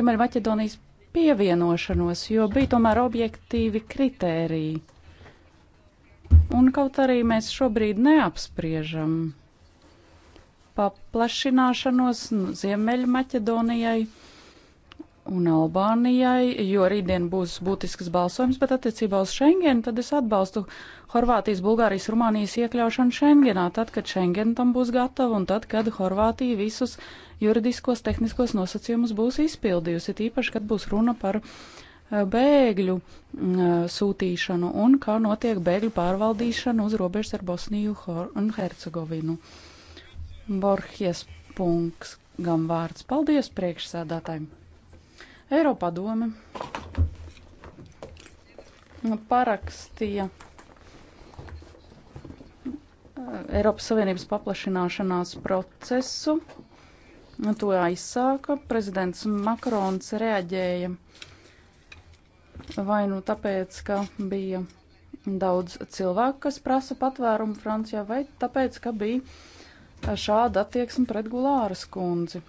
Tomēr Maķedonijas pievienošanos, jo bija tomēr objektīvi kritēriji. Un kaut arī mēs šobrīd neapspriežam paplašināšanos nu, Ziemeļmaķedonijai. Nu, un Albānijai, jo rītdien būs būtisks balsojums, bet attiecībā uz Schengenu tad es atbalstu Horvātijas, Bulgārijas, Rumānijas iekļaušanu Schengenā, tad, kad Schengen tam būs gatava un tad, kad Horvātija visus juridiskos, tehniskos nosacījumus būs izpildījusi, tīpaši, kad būs runa par eh, bēgļu mm, eh, sūtīšanu un kā notiek bēgļu pārvaldīšana uz robežas ar Bosniju un Hercegovinu. Borhies punkts gam vārds. Paldies priekšsēdātājiem! Eiropadome parakstīja eh, Eiropas Savienības paplašināšanās procesu. To aizsāka. Prezidents Makrons reaģēja vai nu tāpēc, ka bija daudz cilvēku, kas prasa patvērumu Francijā, vai tāpēc, ka bija šāda attieksme pret Gulāras kundzi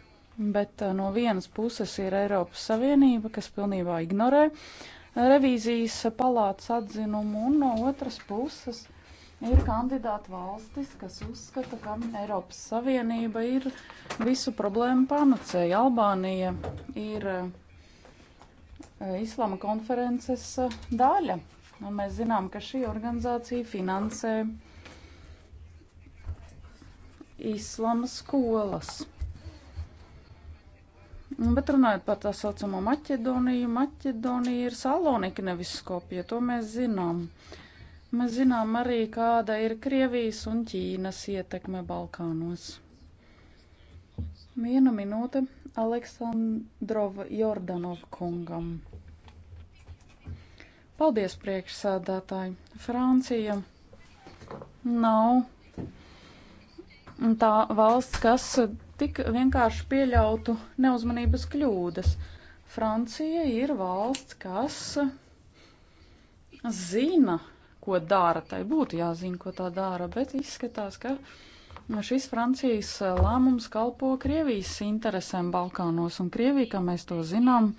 bet eh, no vienas puses ir Eiropas Savienība, kas pilnībā ignorē revīzijas palātas atzinumu, un no otras puses ir kandidāta valstis, kas uzskata, ka Eiropas Savienība ir visu problēmu panacēja. Albānija ir eh, Islama konferences eh, daļa, un mēs zinām, ka šī organizācija finansē Islama skolas. Nu, bet runājot par tā saucamo Maķedoniju, Maķedonija ir Salonika, nevis Skopja, to mēs zinām. Mēs zinām arī, kāda ir Krievijas un Ķīnas ietekme Balkānos. Viena minūte Aleksandrova Jordanov kungam. Paldies, priekšsādātāji. Francija nav tā valsts, kas tik vienkārši pieļautu neuzmanības kļūdas. Francija ir valsts, kas zina, ko dara. Tai būtu jāzina, ko tā dara, bet izskatās, ka šis Francijas lēmums kalpo Krievijas interesēm Balkānos, un Krievija, kā mēs to zinām,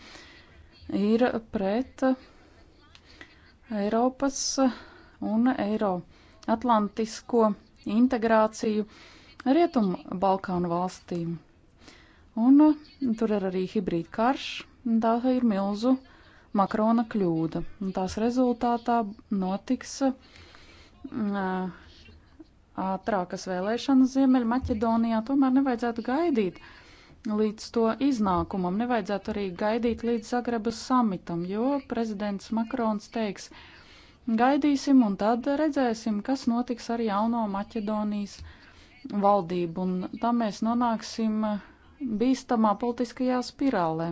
ir pret Eiropas un Eiro atlantisko integrāciju Rietumu Balkānu valstīm. Un uh, tur ir arī hibrīd karš, un tā ir milzu Makrona kļūda. Un tās rezultātā notiks uh, ātrākas vēlēšanas Ziemeļmaķedonijā, tomēr nevajadzētu gaidīt līdz to iznākumam, nevajadzētu arī gaidīt līdz Zagrebas samitam, jo prezidents Makrons teiks, gaidīsim un tad redzēsim, kas notiks ar jauno Maķedonijas valdību, un tā mēs nonāksim bīstamā politiskajā spirālē.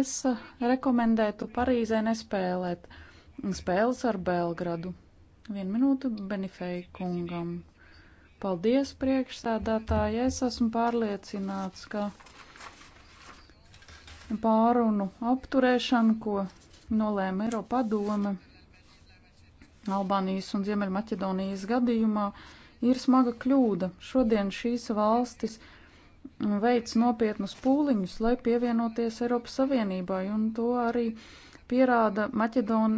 Es eh, rekomendētu Parīzē nespēlēt spēles ar Belgradu. Vienu minūtu Benifei kungam. Paldies, priekšsēdētāji. Es esmu pārliecināts, ka pārunu apturēšanu, ko nolēma Eiropa padome Albānijas un Ziemeļmaķedonijas gadījumā, uh, ir smaga kļūda. Šodien šīs valstis veic nopietnus pūliņus, lai pievienoties Eiropas Savienībai, un to arī pierāda Maķedon,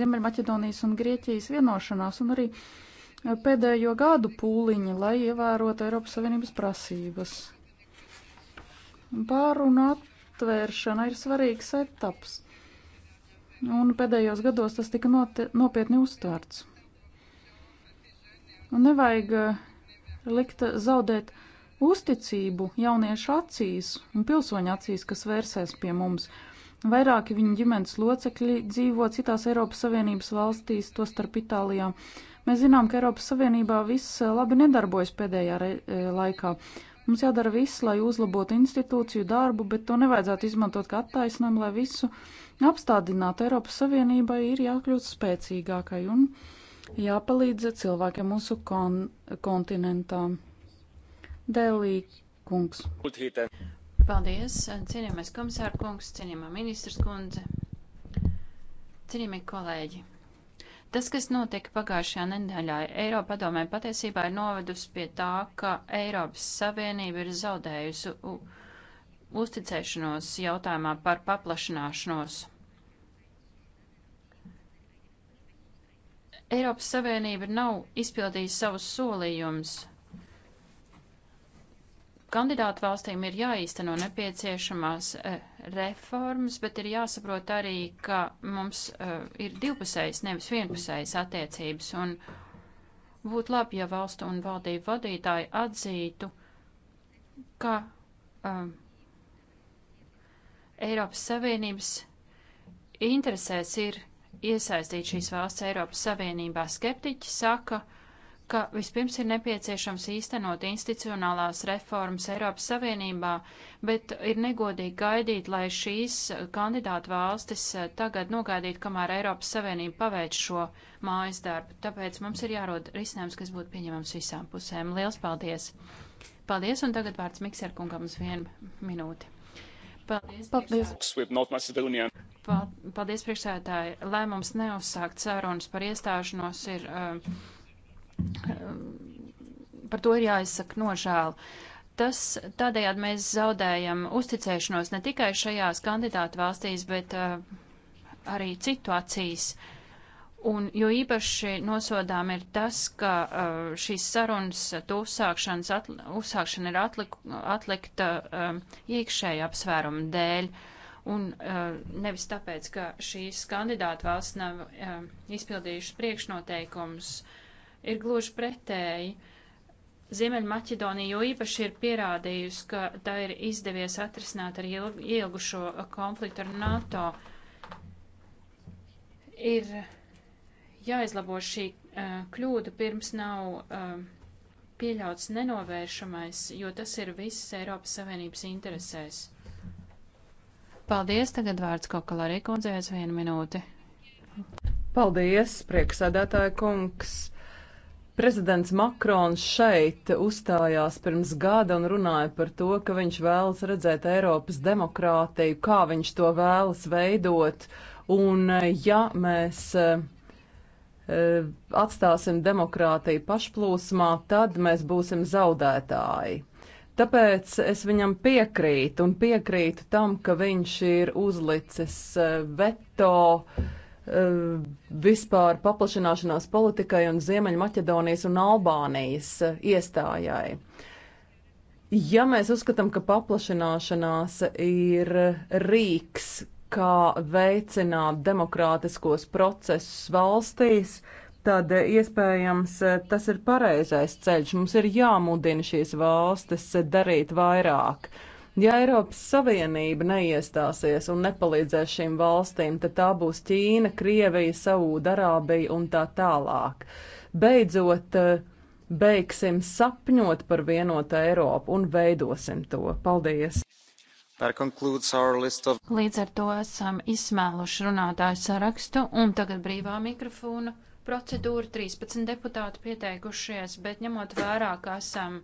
Ziemeļmaķedonijas un Grieķijas vienošanās, un arī pēdējo gadu pūliņi, lai ievērotu Eiropas Savienības prasības. Pārunu atvēršana ir svarīgs etaps, un pēdējos gados tas tika nopietni uztverts. Un nu, nevajag eh, likt eh, zaudēt uzticību jauniešu acīs un pilsoņu acīs, kas vērsēs pie mums. Vairāki viņa ģimenes locekļi dzīvo citās Eiropas Savienības valstīs, tostarp Itālijā. Mēs zinām, ka Eiropas Savienībā viss eh, labi nedarbojas pēdējā laikā. Mums jādara viss, lai uzlabotu institūciju darbu, bet to nevajadzētu izmantot kā attaisnojumu, lai visu apstādinātu. Eiropas Savienībai ir jākļūst spēcīgākai un spēcīgākai jāpalīdz cilvēkiem mūsu kon kontinentā. Dēlī kungs. Paldies, cienījamais komisāra kungs, cienījamā ministrs kundze, cienījamie kolēģi. Tas, kas notika pagājušajā nedēļā Eiropa padomē, patiesībā ir novedusi pie tā, ka Eiropas Savienība ir zaudējusi uzticēšanos jautājumā par paplašināšanos. Eiropas Savienība nav izpildījusi savus solījumus. Kandidātu valstīm ir jāīsteno nepieciešamās e, reformas, bet ir jāsaprot arī, ka mums e, ir divpusējas, nevis vienpusējas attiecības, un būtu labi, ja valstu un valdību vadītāji atzītu, ka um, Eiropas Savienības interesēs ir iesaistīt šīs valsts Eiropas Savienībā. Skeptiķi saka, ka vispirms ir nepieciešams īstenot institucionālās reformas Eiropas Savienībā, bet ir negodīgi gaidīt, lai šīs kandidātu valstis tagad nogaidītu, kamēr Eiropas Savienība paveic šo mājas darbu. Tāpēc mums ir jārod risinājums, kas būtu pieņemams visām pusēm. Liels paldies! Paldies, un tagad vārds Mikserkungam uz vienu minūti. Paldies! paldies. Paldies, priekšsēdētāji. Lēmums neuzsākt sarunas par iestāšanos ir. Um, par to ir jāizsaka nožēla. Tas tādējādi mēs zaudējam uzticēšanos ne tikai šajās kandidātu valstīs, bet uh, arī citu acīs. Un jo īpaši nosodām ir tas, ka uh, šīs sarunas, to uzsākšana ir atlik, atlikta uh, iekšēja apsvēruma dēļ. Uh, Un eh, nevis tāpēc, ka šīs kandidāta valsts nav eh, izpildījušas priekšnoteikumus, ir gluži pretēji. Ziemeļmaķedonija jau īpaši ir pierādījusi, ka tā ir izdevies atrisināt ar ielgušo konfliktu ar NATO. Ir jāizlabo šī uh, kļūda pirms nav uh, pieļauts nenovēršamais, jo tas ir visas Eiropas Savienības interesēs. Paldies, tagad vārds Kokalarī kundzei aiz vienu minūti. Paldies, prieksēdētāja kungs. Prezidents Makrons šeit uzstājās pirms gada un runāja par to, ka viņš vēlas redzēt Eiropas demokrātiju, kā viņš to vēlas veidot. Un ja mēs eh, eh, atstāsim demokrātiju pašplūsmā, tad mēs būsim zaudētāji. Tāpēc es viņam piekrītu un piekrītu tam, ka viņš ir uzlicis eh, veto eh, vispār paplašināšanās politikai un Ziemeļmaķedonijas un Albānijas eh, iestājai. Ja mēs uzskatām, ka paplašināšanās ir rīks, kā veicināt demokrātiskos procesus valstīs, uh, tad eh, iespējams eh, tas ir pareizais ceļš. Mums ir jāmudina šīs valstis eh, darīt vairāk. Ja Eiropas Savienība neiestāsies un nepalīdzēs šīm valstīm, tad tā būs Ķīna, Krievija, Saūdarābija un tā tālāk. Beidzot, beigsim sapņot par vienotu Eiropu un veidosim to. Paldies! Of... Līdz ar to esam izsmēluši runātāju sarakstu un tagad brīvā mikrofona procedūru, 13 deputāti pieteikušies, bet ņemot vērā, ka esam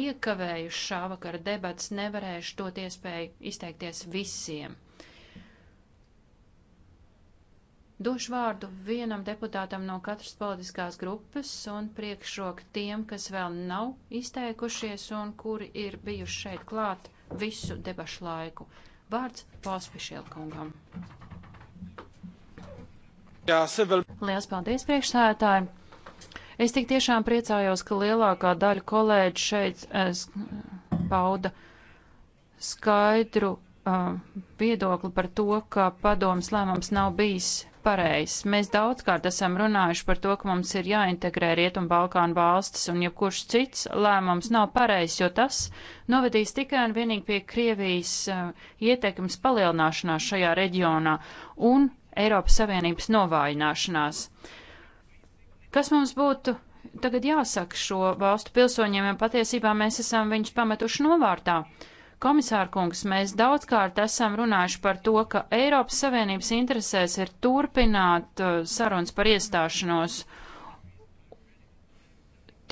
iekavējuši šā vakara debats, nevarēšu dot iespēju izteikties visiem. Došu vārdu vienam deputātam no katras politiskās grupas un priekšroku tiem, kas vēl nav izteikušies un kuri ir bijuši šeit klāt visu debašu laiku. Vārds Pauspišielkungam. Jā, se vēl Lielas paldies, priekšsētāji! Es tik tiešām priecājos, ka lielākā daļa kolēģi šeit es, eh, pauda skaidru uh, viedokli par to, ka padomas lēmums nav bijis pareizs. Mēs daudzkārt esam runājuši par to, ka mums ir jāintegrē Rietumu Balkānu valstis, un jebkurš cits lēmums nav pareizs, jo tas novedīs tikai un vienīgi pie Krievijas uh, ietekmes palielināšanās šajā reģionā un Eiropas Savienības novājināšanās. Kas mums būtu tagad jāsaka šo valstu pilsoņiem, jo ja patiesībā mēs esam viņus pametuši novārtā? Komisārkungs, mēs daudzkārt esam runājuši par to, ka Eiropas Savienības interesēs ir turpināt uh, sarunas par iestāšanos.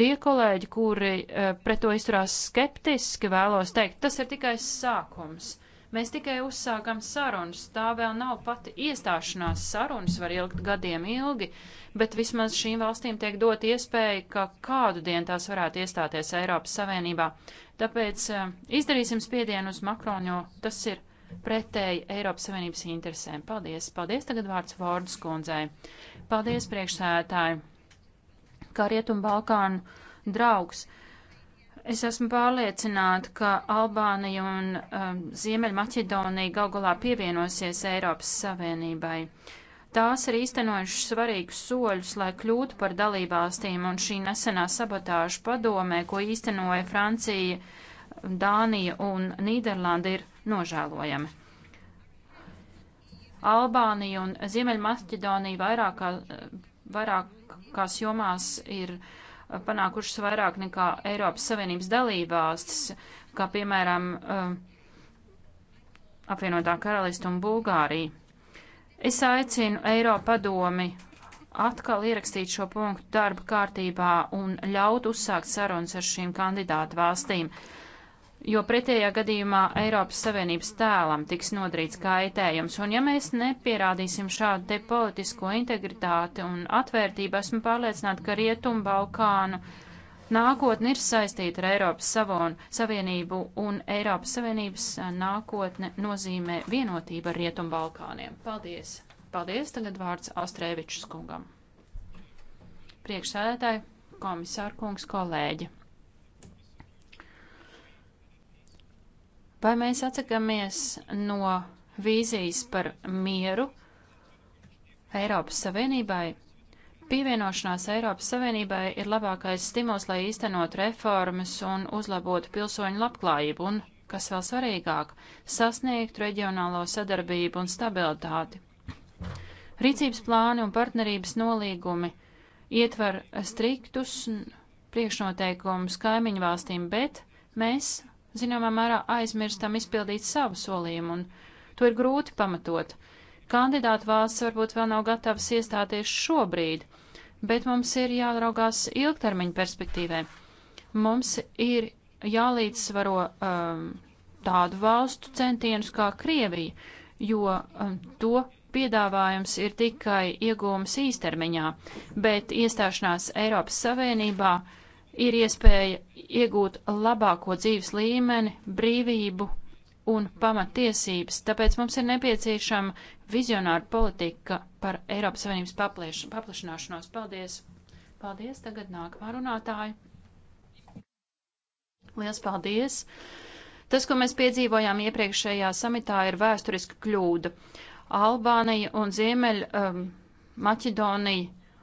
Tie kolēģi, kuri uh, pret to izturās skeptiski, vēlos teikt, tas ir tikai sākums. Uh, Mēs tikai uzsākam sarunas, tā vēl nav pati iestāšanās sarunas, var ilgt gadiem ilgi, bet vismaz šīm valstīm tiek dot iespēja, ka kādu dienu tās varētu iestāties Eiropas Savienībā. Tāpēc eh, izdarīsim spiedienu uz Makronu, jo tas ir pretēji Eiropas Savienības interesēm. Paldies! Paldies tagad vārds Vordas kundzei. Paldies priekšsētāji! Kā Rietumbalkānu draugs. Uh, Es esmu pārliecināta, ka Albānija un um, Ziemeļmaķedonija gaugulā pievienosies Eiropas Savienībai. Tās ir īstenojušas svarīgus soļus, lai kļūtu par dalībvalstīm, un šī nesenā sabotāža padomē, ko īstenoja Francija, Dānija un Nīderlanda, ir nožēlojami. Albānija un Ziemeļmaķedonija vairākā, vairākās jomās ir panākušas vairāk nekā Eiropas Savienības dalībvalstis, kā piemēram um, apvienotā karalista un Bulgārija. Es aicinu Eiropa padomi atkal ierakstīt šo punktu darba kārtībā un ļaut uzsākt sarunas ar šīm kandidātu valstīm. Uh, jo pretējā gadījumā Eiropas Savienības tēlam tiks nodarīts kaitējums, un ja mēs nepierādīsim šādu te politisko integritāti un atvērtību, esmu pārliecināta, ka Rietumu Balkānu nākotne ir saistīta ar Eiropas savon, Savienību, un Eiropas Savienības nākotne nozīmē vienotība ar Rietumu Balkāniem. Paldies! Paldies! Tagad vārds Austrēvičs kungam. Priekšsēdētāji, komisārkungs, kolēģi! Vai mēs atsakamies no vīzijas par mieru Eiropas Savienībai? Pievienošanās Eiropas Savienībai ir labākais stimuls, lai īstenot reformas un uzlabotu pilsoņu labklājību un, kas vēl svarīgāk, sasniegt reģionālo sadarbību un stabilitāti. Rīcības plāni un partnerības nolīgumi ietver striktus priekšnoteikumus kaimiņu valstīm, bet mēs zināmā mērā aizmirstam izpildīt savu solījumu, un to ir grūti pamatot. Kandidātu valsts varbūt vēl nav gatavas iestāties šobrīd, bet mums ir jāraugās ilgtermiņa perspektīvē. Mums ir jālīdzsvaro um, tādu valstu centienus kā Krievija, jo um, to piedāvājums ir tikai iegūms īstermiņā, bet iestāšanās Eiropas Savienībā uh, ir iespēja iegūt labāko dzīves līmeni, brīvību un pamatiesības, tāpēc mums ir nepieciešama vizionāra politika par Eiropas Savienības paplieš, paplašināšanos. Paldies! Paldies! Tagad nākamā runātāja. Liels paldies! Tas, ko mēs piedzīvojām iepriekšējā samitā, ir vēsturiska kļūda. Albānija un Ziemeļ um, Maķedonija,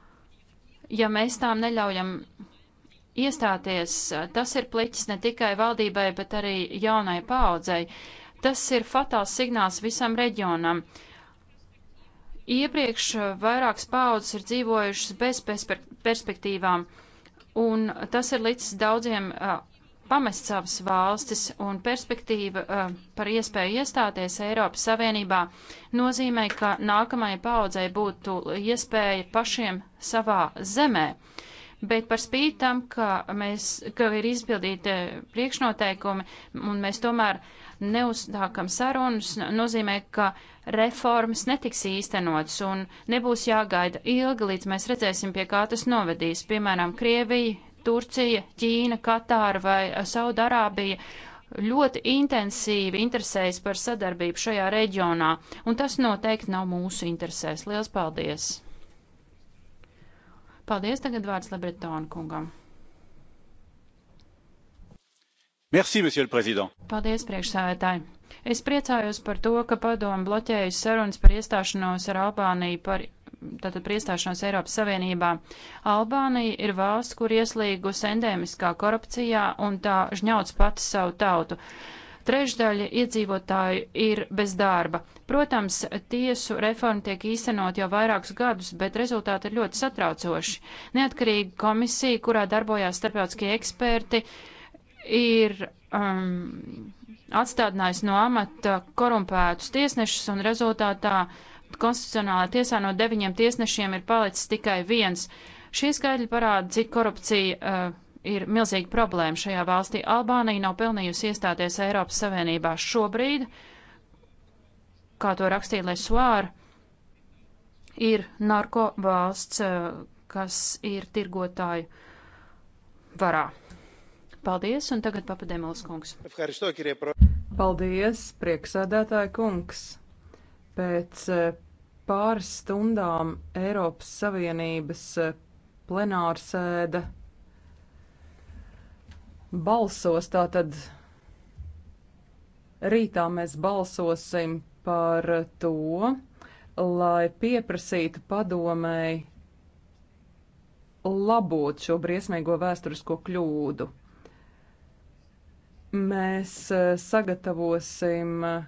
ja mēs tām neļaujam iestāties, tas ir pliķis ne tikai valdībai, bet arī jaunai paaudzei. Tas ir fatāls signāls visam reģionam. Iepriekš vairākas paaudzes ir dzīvojušas bez perspektīvām, un tas ir līdz daudziem pamest savas valstis un perspektīva uh, par iespēju iestāties Eiropas Savienībā nozīmē, ka nākamajai paudzei būtu iespēja pašiem savā zemē. Uh, bet par spīti tam, ka, mēs, ka ir izpildīti priekšnoteikumi un mēs tomēr neuzstākam sarunas, nozīmē, ka reformas netiks īstenotas un nebūs jāgaida ilgi, līdz mēs redzēsim, pie kā tas novedīs. Piemēram, Krievija, Turcija, Ķīna, Katāra vai Saudarābija ļoti intensīvi interesējas par sadarbību šajā reģionā, un tas noteikti nav mūsu interesēs. Lielas paldies! Paldies, tagad vārds Lebretona kungam. Merci, monsieur le président. Paldies, priekšsēdētāji. Es priecājos par to, ka padomu bloķējusi sarunas par iestāšanos ar Albāniju par tātad priestāšanos Eiropas Savienībā. Albānija ir valsts, kur ieslīgus endēmiskā korupcijā un tā žņauc pati savu tautu. Uh, trešdaļa iedzīvotāju ir bez darba. Protams, tiesu reforma tiek īstenot jau vairākus gadus, bet rezultāti ir ļoti satraucoši. Neatkarīga komisija, kurā darbojās starptautiskie eksperti, ir um, atstādinājusi no amata korumpētus tiesnešus un rezultātā konstitucionālā tiesā no deviņiem tiesnešiem ir palicis tikai viens. Šie skaidri parāda, cik korupcija uh, ir milzīga problēma šajā valstī. Albānija nav pelnījusi iestāties Eiropas Savienībā šobrīd, kā to rakstīja Lesuāra, ir narko valsts, eh, kas ir tirgotāju varā. Paldies, un tagad papadēmals kungs. Paldies, prieksēdētāja kungs. Pēc eh, pāris stundām Eiropas Savienības eh, plenārsēde balsos. Tātad rītā mēs balsosim par to, lai pieprasītu padomēji labot šo briesmīgo vēsturisko kļūdu. Mēs eh, sagatavosim eh,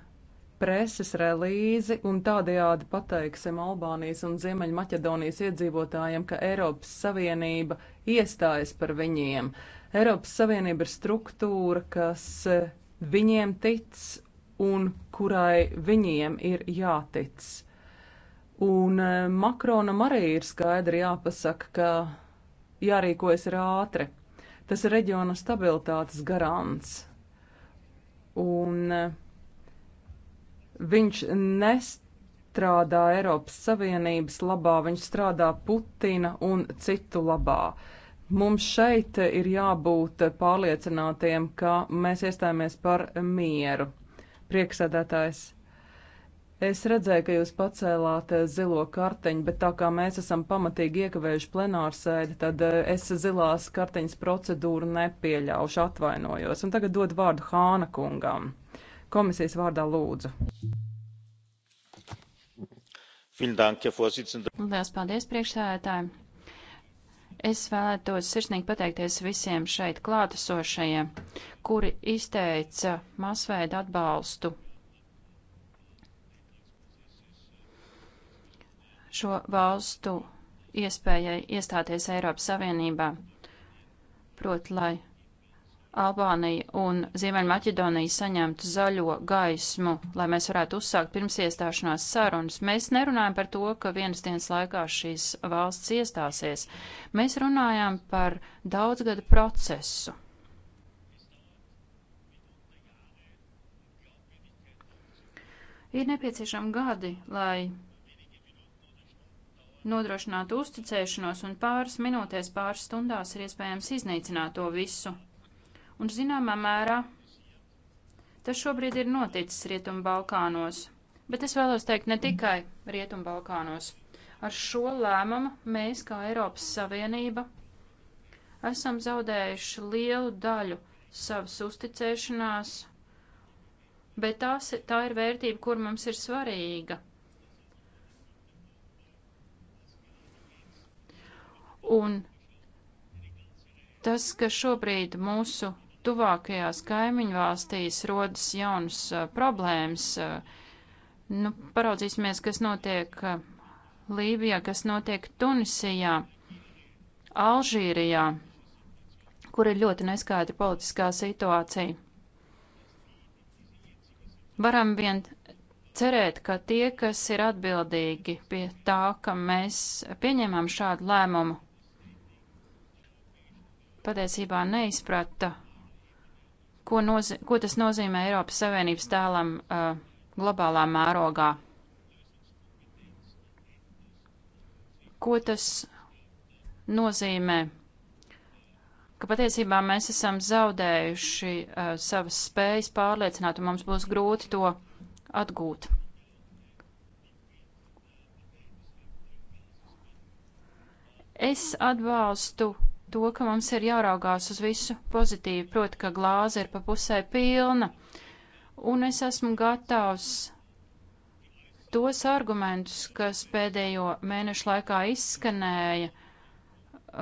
preses relīzi un tādējādi pateiksim Albānijas un Ziemeļmaķedonijas iedzīvotājiem, ka Eiropas Savienība iestājas par viņiem. Uh, Eiropas Savienība ir struktūra, kas viņiem tic un kurai viņiem ir jātic. Un e, Makronam arī ir skaidri jāpasaka, ka jārīkojas ir ātri. Tas ir reģiona stabilitātes garants. Un e, viņš nestrādā Eiropas Savienības labā, viņš strādā Putina un citu labā. Uh, Mums šeit ir jābūt pārliecinātiem, ka mēs iestājāmies par mieru. Prieksēdētājs, es redzēju, ka jūs pacēlāt zilo karteņu, bet tā kā mēs esam pamatīgi iekavējuši plenārsēdi, tad es zilās karteņas procedūru nepieļaušu, atvainojos. Un tagad dod vārdu Hāna kungam. Komisijas vārdā lūdzu. Lielas paldies priekšsēdētājiem! Es vēlētos sirsnīgi pateikties visiem šeit klātesošajiem, kuri izteica masveidu atbalstu šo valstu iespējai iestāties Eiropas Savienībā, proti, lai Albānija un Ziemeļmaķedonija saņemtu zaļo gaismu, lai mēs varētu uzsākt pirms iestāšanās sarunas. Mēs nerunājam par to, ka vienas dienas laikā šīs valsts iestāsies. Mēs runājam par daudzgada procesu. Ir nepieciešami gadi, lai nodrošinātu uzticēšanos, un pāris minūtēs, pāris stundās ir iespējams iznīcināt to visu. Un zināmā mērā tas šobrīd ir noticis Rietumbalkānos. Bet es vēlos teikt ne tikai Rietumbalkānos. Ar šo lēmumu mēs, kā Eiropas Savienība, esam zaudējuši lielu daļu savas uzticēšanās, bet tās, tā ir vērtība, kur mums ir svarīga. Un tas, ka šobrīd mūsu tuvākajās kaimiņu valstīs rodas jaunas problēmas. Nu, paraudzīsimies, kas notiek Lībijā, kas notiek Tunisijā, Alžīrijā, kur ir ļoti neskaidra politiskā situācija. Varam vien cerēt, ka tie, kas ir atbildīgi pie tā, ka mēs pieņemam šādu lēmumu, patiesībā neizprata ko, nozi ko tas nozīmē Eiropas Savienības tēlam uh, globālā mērogā. Ko tas nozīmē? Ka patiesībā mēs esam zaudējuši uh, savas spējas pārliecināt, un mums būs grūti to atgūt. Es atbalstu to, ka mums ir jāraugās uz visu pozitīvi, proti, ka glāze ir pa pusē pilna. Un es esmu gatavs tos argumentus, kas pēdējo mēnešu laikā izskanēja,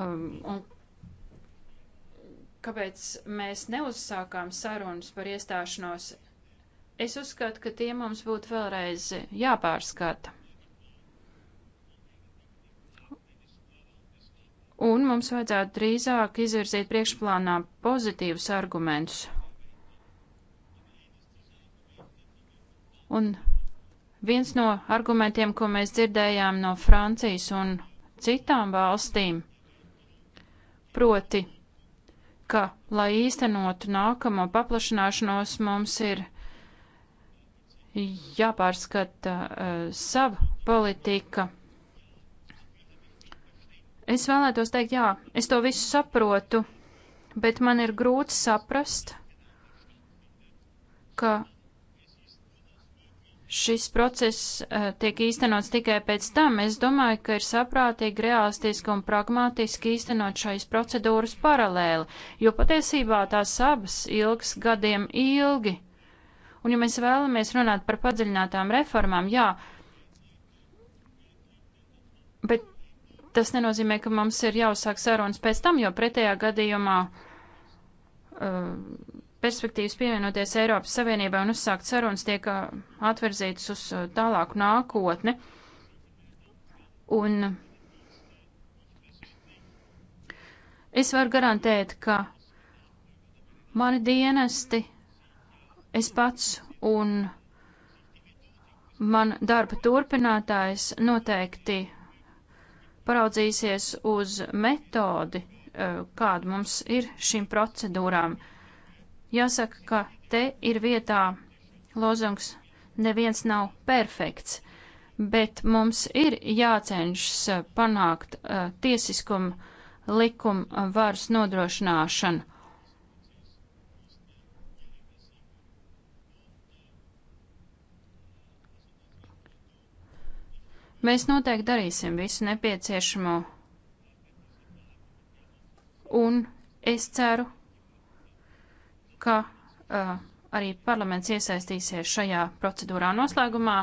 um, un kāpēc mēs neuzsākām sarunas par iestāšanos, es uzskatu, ka tie mums būtu vēlreiz jāpārskata. un mums vajadzētu drīzāk izvirzīt priekšplānā pozitīvus argumentus. Un viens no argumentiem, ko mēs dzirdējām no Francijas un citām valstīm, proti, ka, lai īstenotu nākamo paplašanāšanos, mums ir jāpārskata uh, eh, sava politika Es vēlētos teikt, jā, es to visu saprotu, bet man ir grūti saprast, ka šis process uh, tiek īstenots tikai pēc tam. Es domāju, ka ir saprātīgi, realistiski un pragmatiski īstenot šīs procedūras paralēli, jo patiesībā tās abas ilgs gadiem ilgi. Un ja mēs vēlamies runāt par padziļinātām reformām, jā, bet tas nenozīmē, ka mums ir jāuzsāk sarunas pēc tam, jo pretējā gadījumā uh, perspektīvas pievienoties Eiropas Savienībai un uzsākt sarunas tiek uh, atverzītas uz uh, tālāku nākotni. Un es varu garantēt, ka mani dienesti, es pats un man darba turpinātājs noteikti paraudzīsies uz metodi, e, kāda mums ir šīm procedūrām, jāsaka, ka te ir vietā lozungs neviens nav perfekts, bet mums ir jācenšas panākt e, tiesiskumu likumu varas nodrošināšanu Mēs noteikti darīsim visu nepieciešamo. Un es ceru, ka uh, arī parlaments iesaistīsies šajā procedūrā noslēgumā.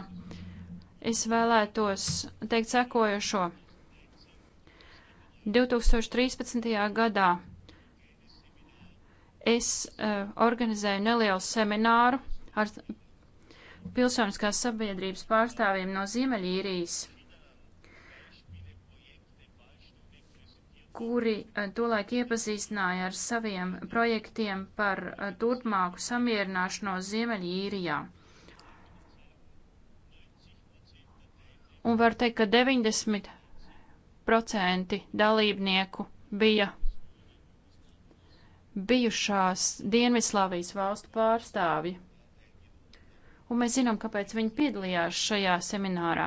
Es vēlētos teikt sekojošo. 2013. gadā es uh, organizēju nelielu semināru ar pilsoniskās sabiedrības pārstāvjiem no Ziemeļīrijas, kuri eh, tolaik iepazīstināja ar saviem projektiem par eh, turpmāku samierināšanos Ziemeļīrijā. Un var teikt, ka 90% dalībnieku bija bijušās Dienvidslāvijas valstu pārstāvji un mēs zinām, kāpēc viņi piedalījās šajā seminārā.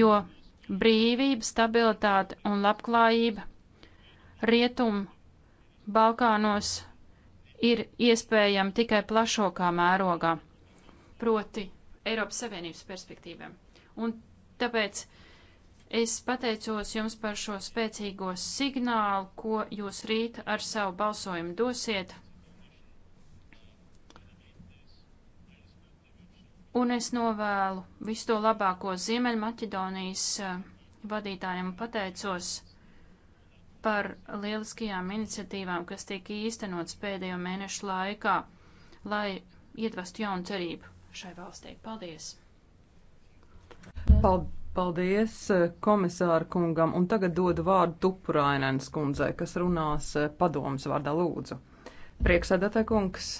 Jo brīvība, stabilitāte un labklājība rietumu Balkānos ir iespējama tikai plašākā mērogā, proti Eiropas Savienības perspektīvēm. Un tāpēc es pateicos jums par šo spēcīgo signālu, ko jūs rīt ar savu balsojumu dosiet Un es novēlu visu to labāko Ziemeļmaķedonijas eh, vadītājiem un pateicos par lieliskajām iniciatīvām, kas tiek īstenots pēdējo mēnešu laikā, lai iedvestu jaunu cerību šai valstī. Paldies! Paldies eh, komisāra kungam, un tagad dodu vārdu Tupurainens kundzei, kas runās eh, padomas vārdā lūdzu. Prieksēdētāj kungs!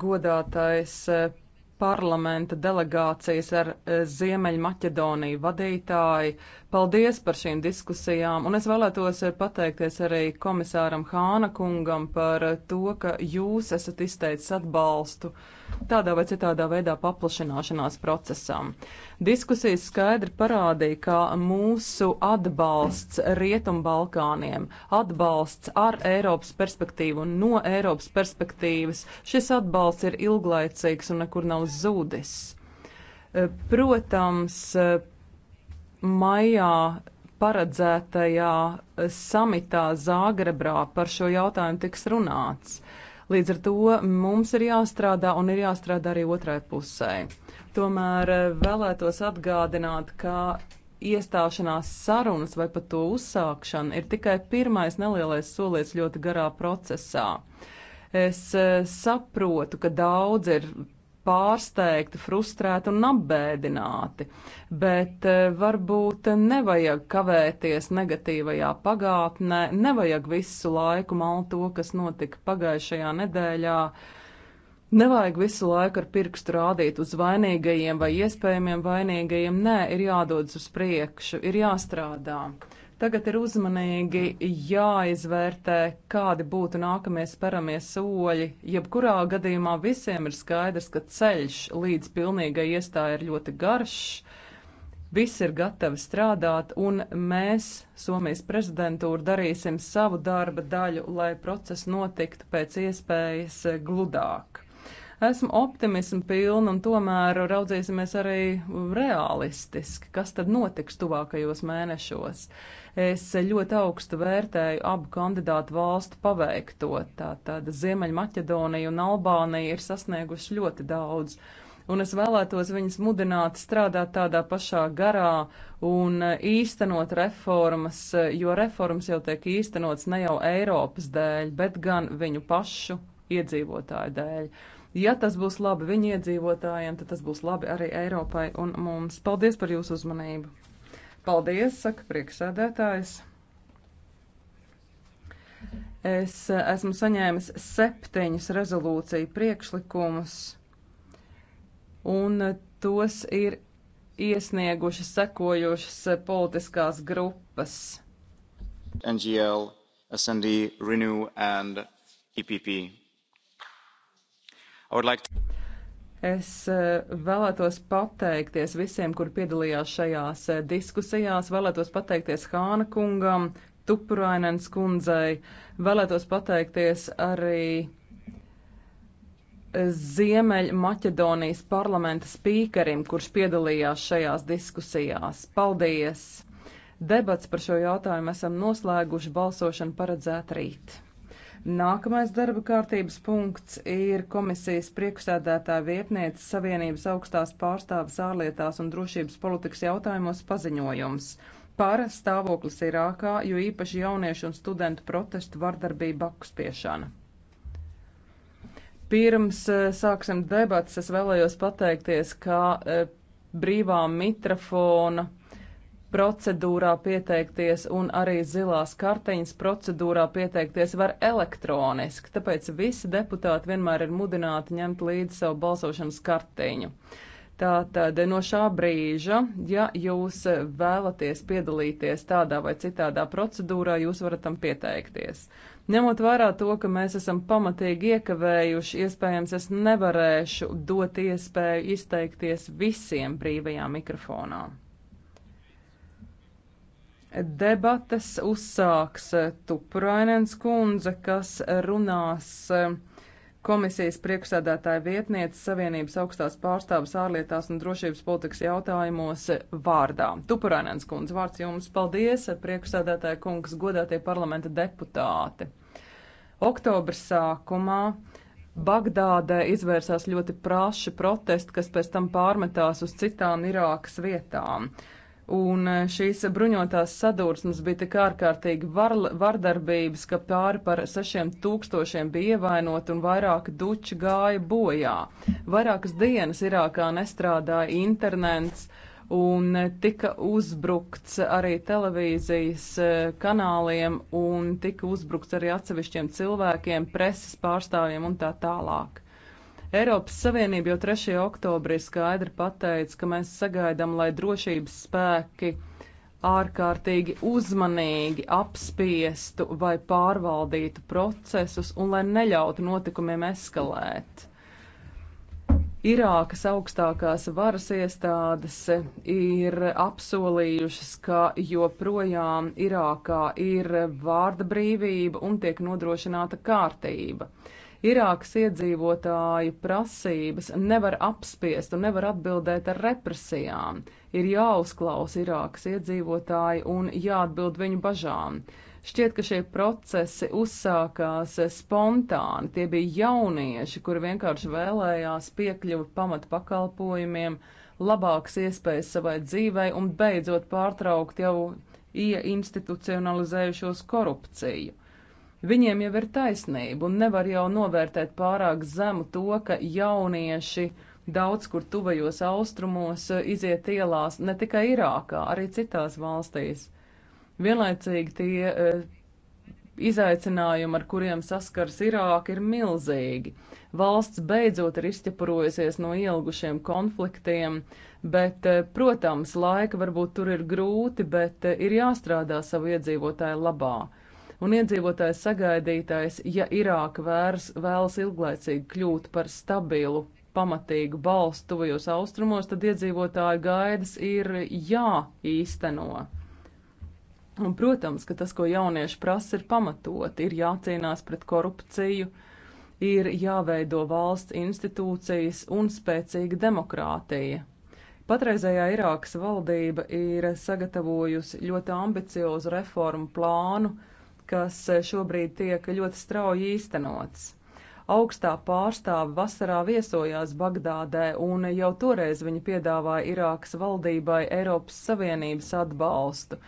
godātais e, parlamenta delegācijas ar e, Ziemeļmaķedoniju vadītāji Paldies par šīm diskusijām, un es vēlētos pateikties arī komisāram Hāna kungam par to, ka jūs esat izteicis atbalstu tādā vai citādā veidā paplašināšanās procesam. Diskusijas skaidri parādīja, ka mūsu atbalsts Rietumbalkāniem, atbalsts ar Eiropas perspektīvu un no Eiropas perspektīvas, šis atbalsts ir ilglaicīgs un nekur nav zudis. Protams, maijā paredzētajā samitā Zāgrebrā par šo jautājumu tiks runāts. Līdz ar to mums ir jāstrādā un ir jāstrādā arī otrai pusē. Tomēr eh, vēlētos atgādināt, ka iestāšanās sarunas vai pat to uzsākšana ir tikai pirmais nelielais solis ļoti garā procesā. Es eh, saprotu, ka daudz ir pārsteigti, frustrēti un apbēdināti, bet eh, varbūt nevajag kavēties negatīvajā pagātnē, nevajag visu laiku malt to, kas notika pagājušajā nedēļā. Nevajag visu laiku ar pirkstu rādīt uz vainīgajiem vai iespējamiem vainīgajiem. Nē, ir jādodas uz priekšu, ir jāstrādā. Tagad ir uzmanīgi jāizvērtē, kādi būtu nākamie sparamie soļi. Jebkurā gadījumā visiem ir skaidrs, ka ceļš līdz pilnīgai iestāja ir ļoti garš. Visi ir gatavi strādāt, un mēs, Somijas prezidentūra, darīsim savu darba daļu, lai process notiktu pēc iespējas gludāk. Esmu optimismu pilna un tomēr raudzīsimies arī realistiski, kas tad notiks tuvākajos mēnešos. Es ļoti augstu vērtēju abu kandidātu valstu paveikto. Tātad Ziemeļmaķedonija un Albānija ir sasnieguši ļoti daudz. Un es vēlētos viņus mudināt strādāt tādā pašā garā un īstenot reformas, jo reformas jau tiek īstenots ne jau Eiropas dēļ, bet gan viņu pašu iedzīvotāju dēļ. Uh, Ja tas būs labi viņu iedzīvotājiem, tad tas būs labi arī Eiropai un mums. Paldies par jūsu uzmanību! Paldies, saka priekšsēdētājs. Es esmu saņēmis septiņus rezolūciju priekšlikumus, un tos ir iesnieguši sekojošas politiskās grupas. NGL, SND, Renew and EPP like to... Es eh, vēlētos pateikties visiem, kur piedalījās šajās eh, diskusijās, vēlētos pateikties Hāna kungam, Tupurainens kundzei, vēlētos pateikties arī eh, Ziemeļmaķedonijas parlamenta spīkerim, kurš piedalījās šajās diskusijās. Paldies! Debats par šo jautājumu esam noslēguši, balsošana paredzēta rīt. Nākamais darba kārtības punkts ir komisijas priekšsēdētāja vietnieces Savienības augstās pārstāvis ārlietās un drošības politikas jautājumos paziņojums par stāvokli Irākā, jo īpaši jauniešu un studentu protestu vardarbību akuspiešana. Pirms eh, sāksim debatas, es vēlējos pateikties, ka eh, brīvā mikrofona procedūrā pieteikties un arī zilās karteņas procedūrā pieteikties var elektroniski, tāpēc visi deputāti vienmēr ir mudināti ņemt līdzi savu balsošanas karteņu. Tātad no šā brīža, ja jūs vēlaties piedalīties tādā vai citādā procedūrā, jūs varat tam pieteikties. Ņemot vērā to, ka mēs esam pamatīgi iekavējuši, iespējams, es nevarēšu dot iespēju izteikties visiem brīvajā mikrofonā. Debates uzsāks eh, Tupurainens kundze, kas runās eh, komisijas priekšsēdētāja vietnietes Savienības augstās pārstāvas ārlietās un drošības politikas jautājumos eh, vārdā. Tupurainens kundze, vārds jums paldies, priekšsēdētāja kungs, godātie parlamenta deputāti. Oktobra sākumā Bagdādē izvērsās ļoti prāši protesti, kas pēc tam pārmetās uz citām Irākas vietām. Un eh, šīs bruņotās sadursmes bija tik ārkārtīgi var, vardarbības, ka pāri par sešiem tūkstošiem bija ievainoti un vairāki duči gāja bojā. Vairākas dienas Irākā nestrādāja internets un eh, tika uzbrukts arī televīzijas eh, kanāliem un tika uzbrukts arī atsevišķiem cilvēkiem, preses pārstāvjiem un tā tālāk. Eiropas Savienība jau 3. oktobrī skaidri pateica, ka mēs sagaidām, lai drošības spēki ārkārtīgi uzmanīgi apspiestu vai pārvaldītu procesus un lai neļautu notikumiem eskalēt. Irākas augstākās varas iestādes ir apsolījušas, ka joprojām Irākā ir vārda brīvība un tiek nodrošināta kārtība. Uh, Irākas iedzīvotāju prasības nevar apspiest un nevar atbildēt ar represijām. Ir jāuzklausa Irākas iedzīvotāji un jāatbild viņu bažām. Šķiet, ka šie procesi uzsākās spontāni. Tie bija jaunieši, kuri vienkārši vēlējās piekļuvi pamatpakalpojumiem, labākas iespējas savai dzīvei un beidzot pārtraukt jau ieinstitucionalizējušos korupciju. Viņiem jau ir taisnība un nevar jau novērtēt pārāk zemu to, ka jaunieši daudz kur tuvajos austrumos eh, iziet ielās ne tikai Irākā, arī citās valstīs. Vienlaicīgi tie e, izaicinājumi, ar kuriem saskars Irāka, ir milzīgi. Valsts beidzot ir izķepurojusies no ilgušiem konfliktiem, bet, e, protams, laika varbūt tur ir grūti, bet e, ir jāstrādā savu iedzīvotāju labā un iedzīvotājs sagaidītājs, ja Irāka vērs, vēlas ilglaicīgi kļūt par stabilu, pamatīgu balstu tuvajos austrumos, tad iedzīvotāju gaidas ir jāīsteno. Un, protams, ka tas, ko jaunieši prasa, ir pamatot, ir jācīnās pret korupciju, ir jāveido valsts institūcijas un spēcīga demokrātija. Patreizējā Irākas valdība ir sagatavojusi ļoti ambiciozu reformu plānu, kas eh, šobrīd tiek ļoti strauji īstenots. Augstā pārstāve vasarā viesojās Bagdādē, un jau toreiz viņa piedāvāja Irākas valdībai Eiropas Savienības atbalstu,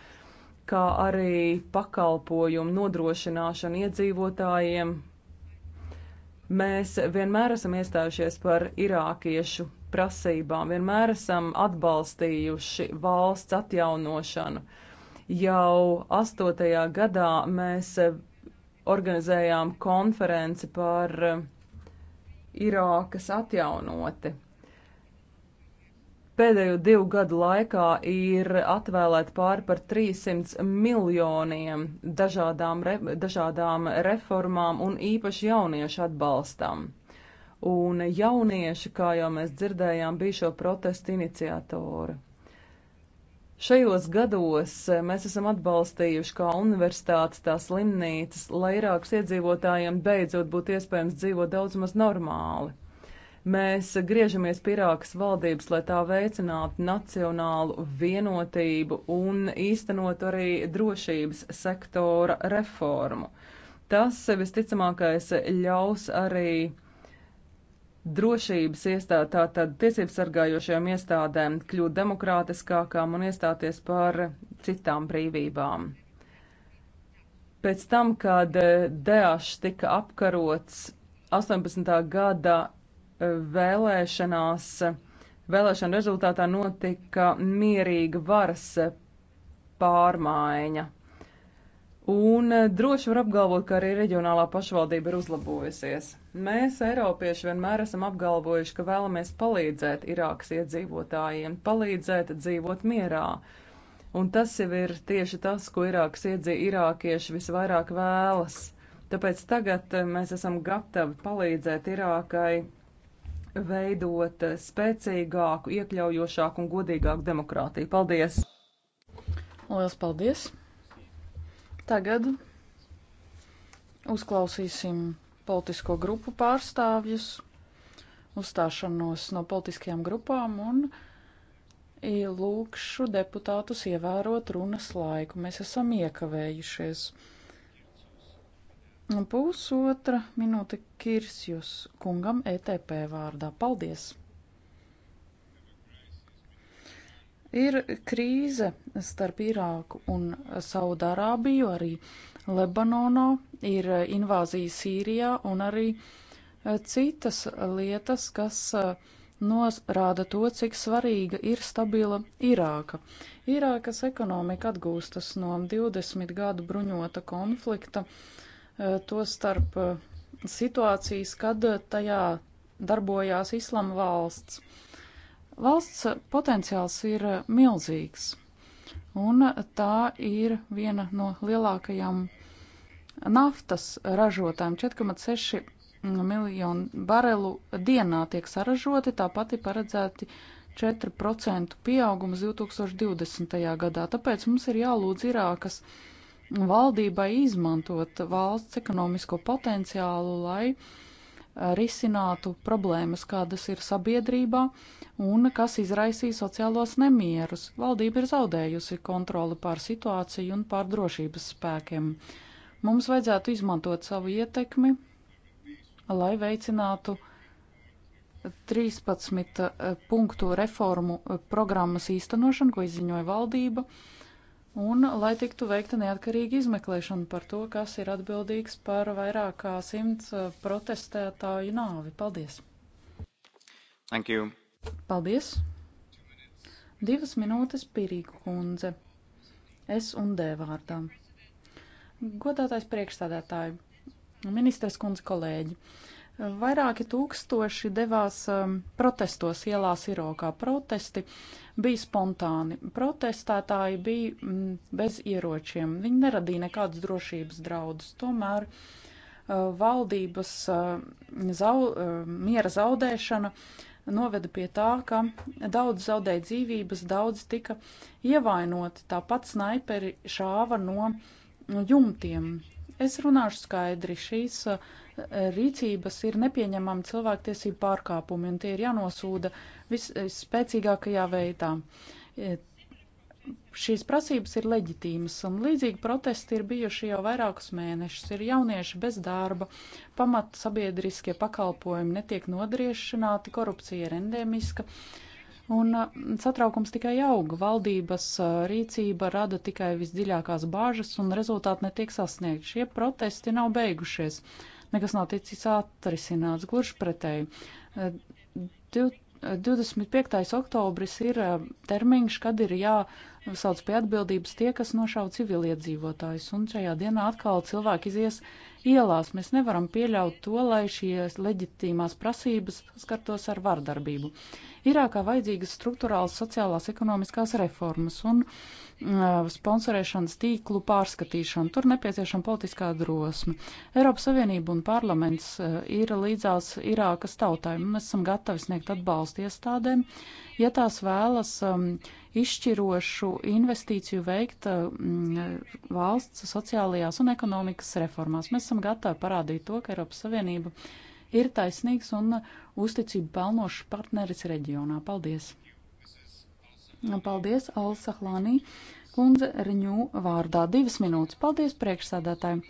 kā arī pakalpojumu nodrošināšanu iedzīvotājiem. Mēs vienmēr esam iestājušies par irākiešu prasībām, vienmēr esam atbalstījuši valsts atjaunošanu. Uh, Jau astotajā gadā mēs eh, organizējām konferenci par eh, Irākas atjaunoti. Pēdējo divu gadu laikā ir atvēlēti pāri par 300 miljoniem dažādām, re, dažādām reformām un īpaši jauniešu atbalstam. Un jaunieši, kā jau mēs dzirdējām, bija šo protestu iniciatori. Šajos gados eh, mēs esam atbalstījuši kā universitātes, tā slimnīcas, lai Irākas iedzīvotājiem beidzot būtu iespējams dzīvot daudz maz normāli. Mēs griežamies pie Irākas valdības, lai tā veicinātu nacionālu vienotību un īstenot arī drošības sektora reformu. Tas visticamākais ļaus arī drošības iestāde, tātad tiesības sargājošajām iestādēm kļūt demokrātiskākām un iestāties par citām brīvībām. Pēc tam, kad eh, Daešs tika apkarots 18. gada eh, vēlēšanās, vēlēšana rezultātā notika mierīga varas eh, pārmaiņa. Un eh, droši var apgalvot, ka arī reģionālā pašvaldība ir uzlabojusies. Mēs, Eiropieši, vienmēr esam apgalvojuši, ka vēlamies palīdzēt Irākas iedzīvotājiem, palīdzēt dzīvot mierā. Un tas jau ir tieši tas, ko Irākas iedzīvotāji irākieši visvairāk vēlas. Tāpēc tagad eh, mēs esam gatavi palīdzēt Irākai veidot eh, spēcīgāku, iekļaujošāku un godīgāku demokrātiju. Paldies! Lielas paldies! Tagad uzklausīsim politisko grupu pārstāvjus, uzstāšanos no politiskajām grupām un lūkšu deputātus ievērot runas laiku. Mēs esam iekavējušies. Pusotra minūte Kirsjus kungam ETP vārdā. Paldies! Ir krīze starp Irāku un Saudārābiju, arī Lebanonā, ir invāzija Sīrijā un arī e, citas lietas, kas e, norāda to, cik svarīga ir stabila Irāka. Irākas ekonomika atgūstas no 20 gadu bruņota konflikta, e, to starp situācijas, kad tajā darbojās Islama valsts. Valsts potenciāls ir milzīgs, un tā ir viena no lielākajām naftas ražotājiem 4,6 miljonu barelu dienā tiek saražoti, tāpat ir paredzēti 4% pieaugums 2020. gadā. Tāpēc mums ir jālūdz Irākas valdībai izmantot valsts ekonomisko potenciālu, lai Eh, risinātu problēmas, kādas ir sabiedrībā un kas izraisīja sociālos nemierus. Valdība ir zaudējusi kontroli pār situāciju un pār drošības spēkiem. Mums vajadzētu izmantot savu ietekmi, lai veicinātu 13 eh, punktu reformu eh, programmas īstenošanu, ko izziņoja valdība, uh, un lai tiktu veikta neatkarīga izmeklēšana par to, kas ir atbildīgs par vairāk kā simts uh, protestētāju nāvi. Paldies! Thank you. Paldies! Divas minūtes Pirīgu kundze. Es un D vārdā. Godātais priekšstādātāji, ministres kundze kolēģi. Uh, Vairāki tūkstoši devās um, protestos ielās Irokā. Protesti bija spontāni. Protestētāji bija mm, bez ieročiem. Viņi neradīja nekādus drošības draudus. Tomēr uh, valdības uh, zau, uh, miera zaudēšana noveda pie tā, ka daudz zaudēja dzīvības, daudz tika ievainoti. Tāpat snaiperi šāva no jumtiem. Es runāšu skaidri. Šīs uh, rīcības ir nepieņemami cilvēktiesību pārkāpumi, un tie ir jānosūda visspēcīgākajā veidā. E, šīs prasības ir leģitīmas, un līdzīgi protesti ir bijuši jau vairākus mēnešus. Ir jaunieši bez darba, pamat sabiedriskie pakalpojumi netiek nodriešināti, korupcija ir endēmiska, Un e, satraukums tikai auga. Valdības e, rīcība rada tikai visdziļākās bāžas, un rezultāti netiek sasniegti. Šie protesti nav beigušies nekas nav ticis atrisināts. Gluži pretēji. 25. oktobris ir termiņš, kad ir jā sauc pie atbildības tie, kas nošauj civiliedzīvotājus, un šajā dienā atkal cilvēki izies ielās. Mēs nevaram pieļaut to, lai šīs leģitīmās prasības skartos ar vardarbību. Irākā vajadzīgas struktūrāls sociālās ekonomiskās reformas un uh, sponsorēšanas tīklu pārskatīšana. Tur nepieciešama politiskā drosme. Eiropas Savienība un parlaments uh, ir līdzās Irākas tautai. Mēs esam gatavi sniegt atbalstu iestādēm, ja tās vēlas um, izšķirošu investīciju veikt mm, valsts sociālajās un ekonomikas reformās. Mēs esam gatavi parādīt to, ka Eiropas Savienība ir taisnīgs un uzticību pelnošs partneris reģionā. Paldies! Paldies, Alsa Hlānī! Kundze Riņū vārdā divas minūtes. Paldies priekšsādātājiem.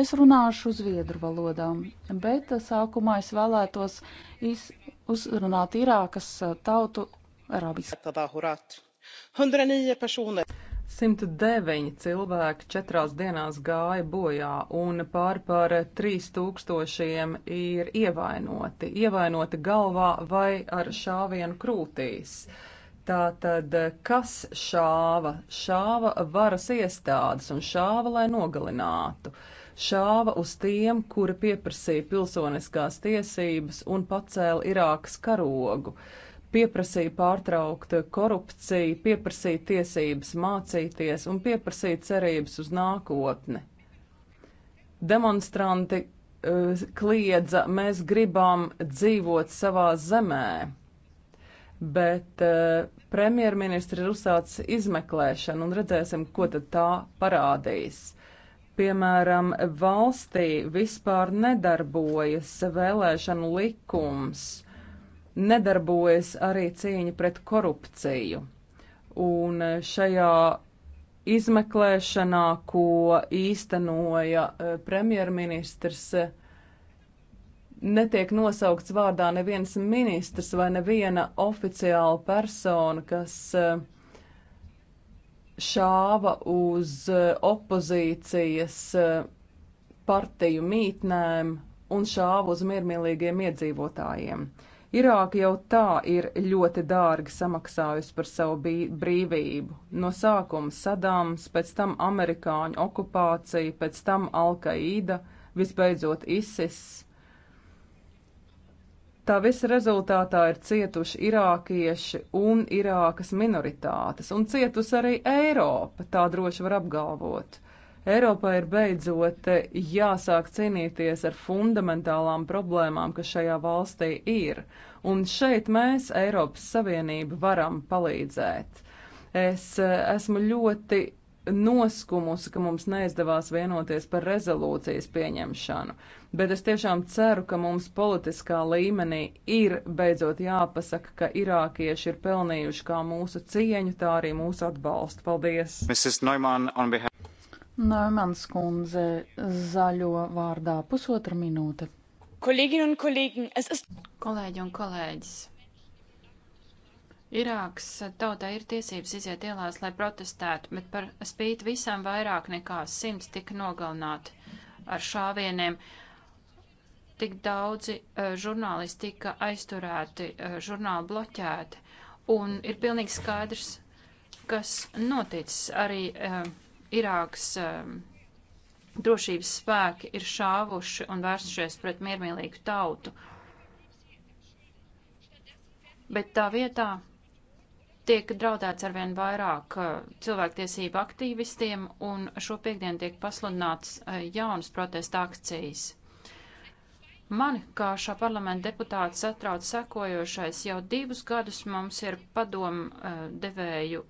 Es runāšu zviedru valodā, bet sākumā es vēlētos iz, uzrunāt Irākas tautu arabiski. 109 personer. 109 cilvēki četrās dienās gāja bojā un pār par 3000 ir ievainoti. Ievainoti galvā vai ar šāvienu krūtīs. Tātad, kas šāva? Šāva varas iestādes un šāva, lai nogalinātu. Šāva uz tiem, kuri pieprasīja pilsoniskās tiesības un pacēla Irākas karogu. Uh, pieprasīja pārtraukt korupciju, pieprasīja tiesības mācīties un pieprasīja cerības uz nākotni. Demonstranti uh, kliedza, mēs gribam dzīvot savā zemē, bet uh, premjerministri ir uzsācis izmeklēšanu un redzēsim, ko tad tā parādīs. Piemēram, valstī vispār nedarbojas vēlēšanu likums nedarbojas arī cīņa pret korupciju. Un šajā izmeklēšanā, ko īstenoja eh, premjerministrs, netiek nosaukts vārdā neviens ministrs vai neviena oficiāla persona, kas eh, šāva uz eh, opozīcijas partiju mītnēm un šāva uz miermīlīgiem iedzīvotājiem. Uh, Irāka jau tā ir ļoti dārgi samaksājusi par savu brīvību. No sākuma Sadāms, pēc tam amerikāņu okupācija, pēc tam Alkaīda, visbeidzot ISIS. Tā visa rezultātā ir cietuši irākieši un Irākas minoritātes, un cietusi arī Eiropa, tā droši var apgalvot. Eiropā ir beidzot jāsāk cīnīties ar fundamentālām problēmām, kas šajā valstī ir, un šeit mēs, Eiropas Savienība, varam palīdzēt. Es eh, esmu ļoti noskumusi, ka mums neizdevās vienoties par rezolūcijas pieņemšanu, bet es tiešām ceru, ka mums politiskā līmenī ir beidzot jāpasaka, ka irākieši ir pelnījuši kā mūsu cieņu, tā arī mūsu atbalstu. Paldies! Mrs. Neumann, on behalf Nāmans kundze zaļo vārdā pusotra minūte. Kolēģi un kolēģi, es esmu. Kolēģi un kolēģis. Irāks tautā ir tiesības iziet ielās, lai protestētu, bet par spīti visam vairāk nekā simts tika nogalināti ar šāvieniem. Tik daudzi uh, žurnālisti tika aizturēti, uh, žurnāli bloķēti, un ir pilnīgi skaidrs, kas noticis arī. Uh, Irākas um, drošības spēki ir šāvuši un vērsušies pret miermīlīgu tautu. Bet tā vietā tiek draudēts arvien vairāk uh, cilvēktiesību aktīvistiem, un šo piekdienu tiek pasludināts uh, jaunas protesta akcijas. Mani, kā šā parlamenta deputāta, satrauc sekojošais. Jau divus gadus mums ir padomu uh, devēju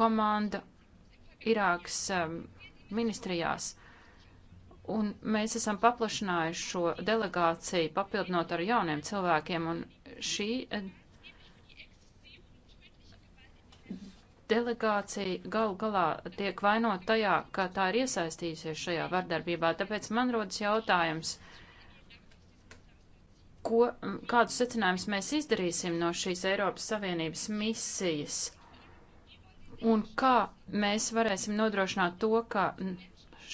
komanda, Irākas um, ministrijās. Un mēs esam paplašinājuši šo delegāciju, papildinot ar jauniem cilvēkiem, un šī eh, delegācija galu galā tiek vainot tajā, ka tā ir iesaistījusies šajā vardarbībā. Tāpēc man rodas jautājums, ko, kādus secinājumus mēs izdarīsim no šīs Eiropas Savienības misijas un kā mēs varēsim nodrošināt to, ka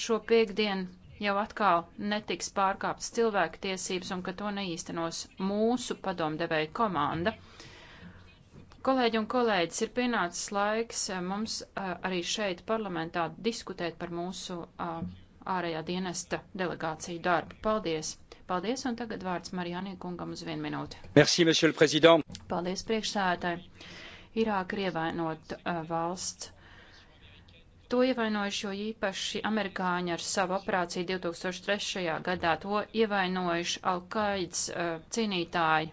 šo piekdienu jau atkal netiks pārkāptas cilvēku tiesības un ka to neīstenos mūsu padomdevēja komanda. Kolēģi un kolēģis, ir pienācis laiks eh, mums eh, arī šeit parlamentā diskutēt par mūsu eh, ārējā dienesta delegāciju darbu. Paldies! Paldies, un tagad vārds Marijānī kungam uz vienu minūti. Merci, Paldies, priekšsēdētāji! Irāka ir ievainota uh, valsts. To ievainojuši jo īpaši amerikāņi ar savu operāciju 2003. gadā, to ievainojuši Alkaids uh, cīnītāji.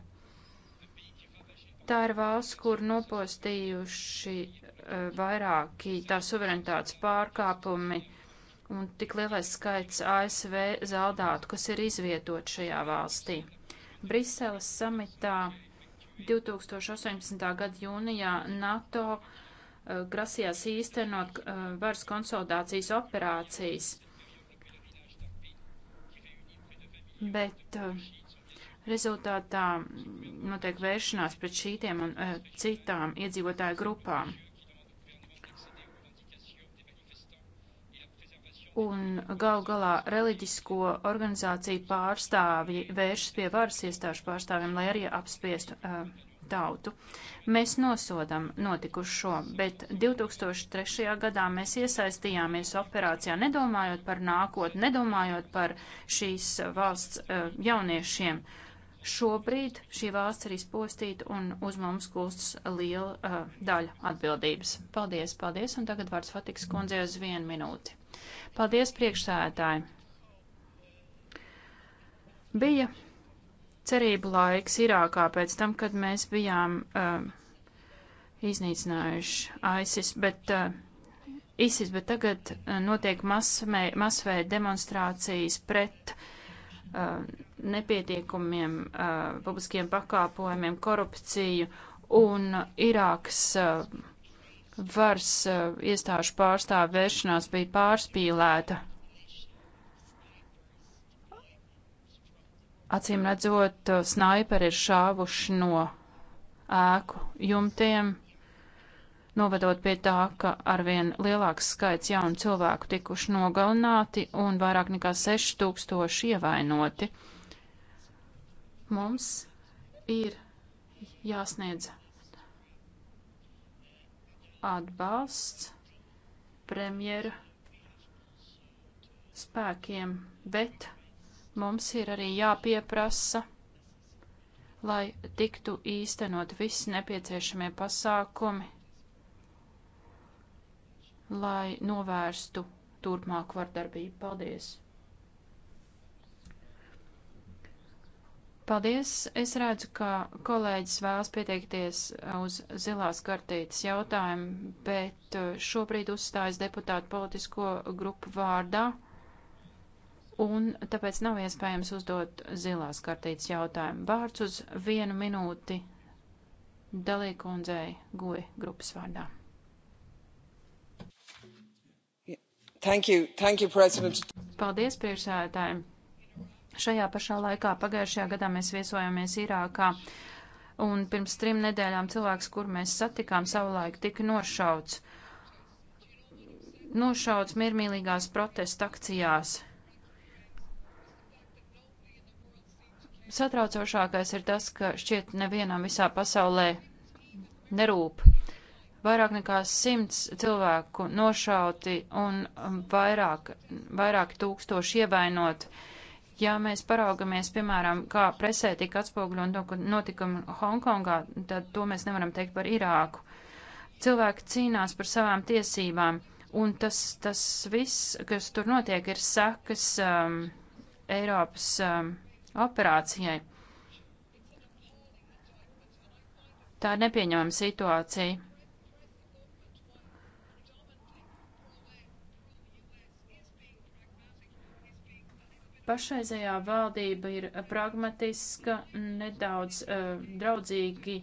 Tā ir valsts, kur nopostījuši uh, vairāki tā suverenitātes pārkāpumi un tik lielais skaits ASV zaldātu, kas ir izvietot šajā valstī. Briseles samitā 2018. gada jūnijā NATO uh, grasījās īstenot uh, varas konsolidācijas operācijas, bet uh, rezultātā notiek vēršanās pret šītiem un citām iedzīvotāju grupām. un gal galā reliģisko organizāciju pārstāvji vēršas pie varas iestāžu pārstāvjiem, lai arī apspiestu uh, tautu. Mēs nosodam notikušo, bet 2003. gadā mēs iesaistījāmies operācijā nedomājot par nākotni, nedomājot par šīs valsts uh, jauniešiem. Šobrīd šī valsts ir izpostīta un uz mums gulstas liela uh, daļa atbildības. Paldies, paldies, un tagad vārds Fatiks kundzei uz vienu minūti. Paldies priekšsēdētāji. Bija cerību laiks Irākā pēc tam, kad mēs bijām uh, iznīcinājuši ISIS, bet, uh, ISIS, bet tagad uh, notiek masveida mas demonstrācijas pret uh, nepietiekumiem, uh, publiskiem pakāpojumiem, korupciju un Irākas. Uh, varas uh, iestāžu pārstāvu vēršanās bija pārspīlēta. Acīm redzot, eh, snaiperi ir šāvuši no ēku jumtiem, novedot pie tā, ka arvien lielāks skaits jaunu cilvēku tikuši nogalināti un vairāk nekā 6000 ievainoti. Mums ir jāsniedz atbalsts premjera spēkiem, bet mums ir arī jāpieprasa, lai tiktu īstenot visi nepieciešamie pasākumi, lai novērstu turpmāku vardarbību. Paldies! Paldies! Es redzu, ka kolēģis vēlas pieteikties uz zilās kartītes jautājumu, bet uh, šobrīd uzstājas deputātu politisko grupu vārdā, un tāpēc nav iespējams uzdot zilās kartītes jautājumu. Vārds uz vienu minūti dalīkundzei Goja grupas vārdā. Thank you. Thank you, President. Paldies priekšsēdētājiem! Šajā pašā laikā pagājušajā gadā mēs viesojāmies Irākā. Un pirms trim nedēļām cilvēks, kur mēs satikām, savulaik tika nošauts. Nošauts miermīlīgās protesta akcijās. Satraucošākais ir tas, ka šķiet nevienam visā pasaulē nerūp. Vairāk nekā simts cilvēku nošauti un vairāk, vairāk tūkstoši ievainoti. Ja mēs paraugamies, piemēram, kā presē tika atspoguļot notikumi Hongkongā, tad to mēs nevaram teikt par Irāku. Cilvēki cīnās par savām tiesībām, un tas, tas viss, kas tur notiek, ir sekas um, Eiropas um, operācijai. Tā ir nepieņemama situācija. Pašreizējā valdība ir pragmatiska, nedaudz uh, draudzīgi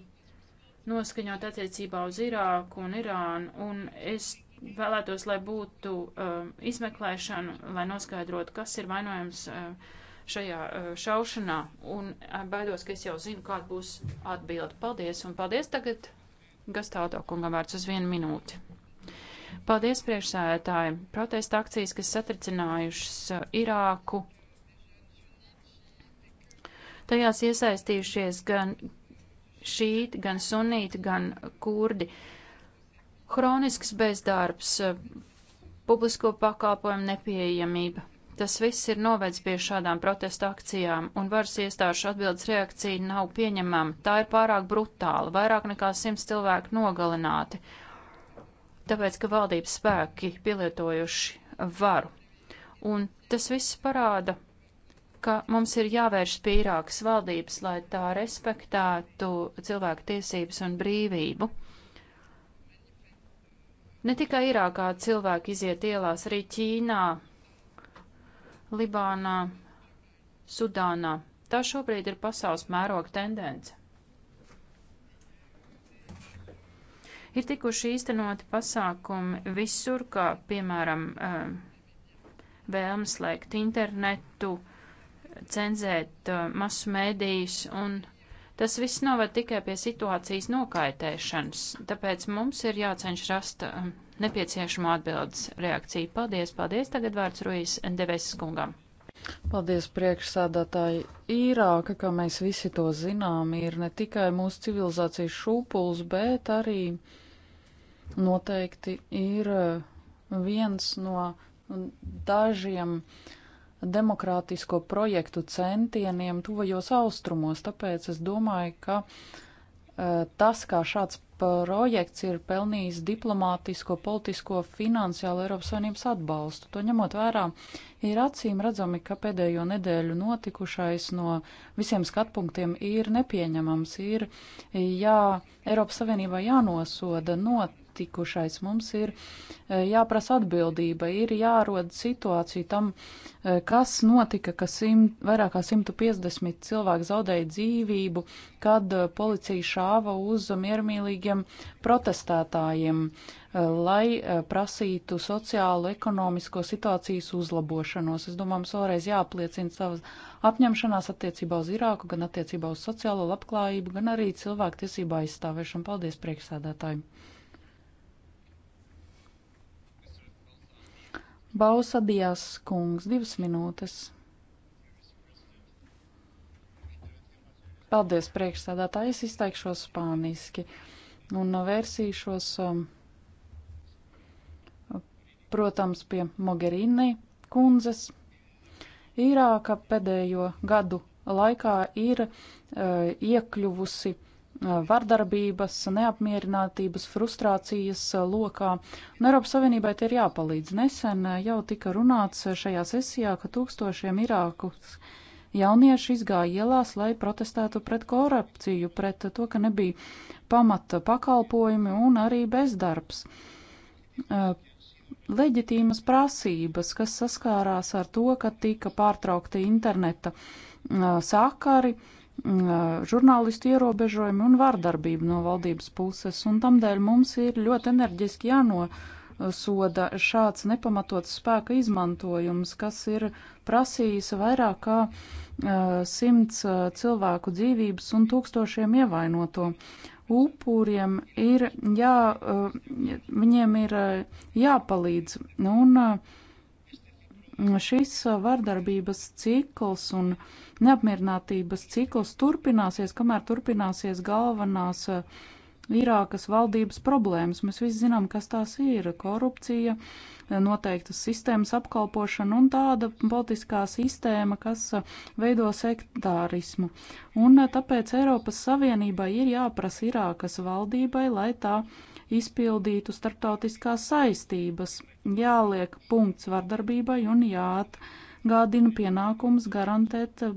noskaņot attiecībā uz Irāku un Irānu, un es vēlētos, lai būtu uh, izmeklēšana, lai noskaidrotu, kas ir vainojams uh, šajā uh, šaušanā, un uh, baidos, ka es jau zinu, kāda būs atbilde. Paldies, un paldies tagad Gastāto kungam vārds uz vienu minūti. Paldies priekšsēdētāji. Protesta akcijas, kas satricinājušas Irāku, Tajās iesaistījušies gan šīti, gan sunīti, gan kurdi. Hronisks bezdarbs, publisko pakalpojumu nepieejamība. Tas viss ir novedis pie šādām protesta akcijām, un varas iestāžu atbildes reakcija nav pieņemama. Tā ir pārāk brutāla, vairāk nekā simts cilvēku nogalināti, tāpēc, ka valdības spēki pielietojuši varu. Un tas viss parāda, ka mums ir jāvērš pīrāgas valdības, lai tā respektētu cilvēku tiesības un brīvību. Ne tikai Irākā cilvēki iziet ielās, arī Ķīnā, Libānā, Sudānā. Tā šobrīd ir pasaules mēroga tendence. Ir tikuši īstenoti pasākumi visur, kā piemēram eh, vēlme slēgt internetu, uh, cenzēt uh, masu mēdījus, un tas viss novad tikai pie situācijas nokaitēšanas. Tāpēc mums ir jāceņš rast um, nepieciešamo atbildes reakciju. Paldies, paldies, tagad vārds Ruijas Deveses kungam. Paldies, priekšsādātāji. Īrāka, kā mēs visi to zinām, ir ne tikai mūsu civilizācijas šūpuls, bet arī noteikti ir uh, viens no dažiem uh, demokrātisko projektu centieniem tuvajos austrumos, tāpēc es domāju, ka e, tas, kā šāds projekts ir pelnījis diplomātisko, politisko, finansiālu Eiropas Savienības atbalstu. To ņemot vērā, ir acīm redzami, ka pēdējo nedēļu notikušais no visiem skatpunktiem ir nepieņemams. Ir jā, Eiropas Savienībā jānosoda not notikušais. Mums ir e, jāprasa atbildība, ir jārod situācija tam, e, kas notika, ka simt, vairāk kā 150 cilvēki zaudēja dzīvību, kad e, policija šāva uz miermīlīgiem protestētājiem, lai prasītu sociālu, ekonomisko situācijas uzlabošanos. Es domāju, mums vēlreiz jāapliecina savas apņemšanās attiecībā uz Irāku, gan attiecībā uz sociālo labklājību, gan arī cilvēku tiesību aizstāvēšanu. Paldies, priekšsēdētāji! Bausadijās kungs, divas minūtes. Paldies, priekšsēdētāji. Es izteikšos spāniski un vērsīšos, um, protams, pie Mogherini kundzes. Irāka pēdējo gadu laikā ir uh, iekļuvusi uh, vardarbības, neapmierinātības, frustrācijas lokā. Un Eiropas Savienībai tie ir jāpalīdz. Nesen jau tika runāts šajā sesijā, ka tūkstošiem Irākus jaunieši izgāja ielās, lai protestētu pret korupciju, pret to, ka nebija pamata pakalpojumi un arī bezdarbs. Leģitīmas prasības, kas saskārās ar to, ka tika pārtraukti interneta sakari, uh, Mm, žurnālistu ierobežojumi un vārdarbība no valdības puses, un tamdēļ mums ir ļoti enerģiski jānosoda šāds nepamatots spēka izmantojums, kas ir prasījis vairāk kā simts cilvēku dzīvības un tūkstošiem ievainoto. Upuriem ir jā, viņiem ir jāpalīdz un uh, šis vardarbības cikls un neapmierinātības cikls turpināsies, kamēr turpināsies galvenās uh, Irākas valdības problēmas. Mēs visi zinām, kas tās ir - korupcija, noteiktas sistēmas apkalpošana un tāda politiskā sistēma, kas veido sektārismu. Un tāpēc Eiropas Savienībai ir jāprasa Irākas valdībai, lai tā izpildītu starptautiskās saistības, jāliek punkts vardarbībai un jāatgādina pienākums garantēt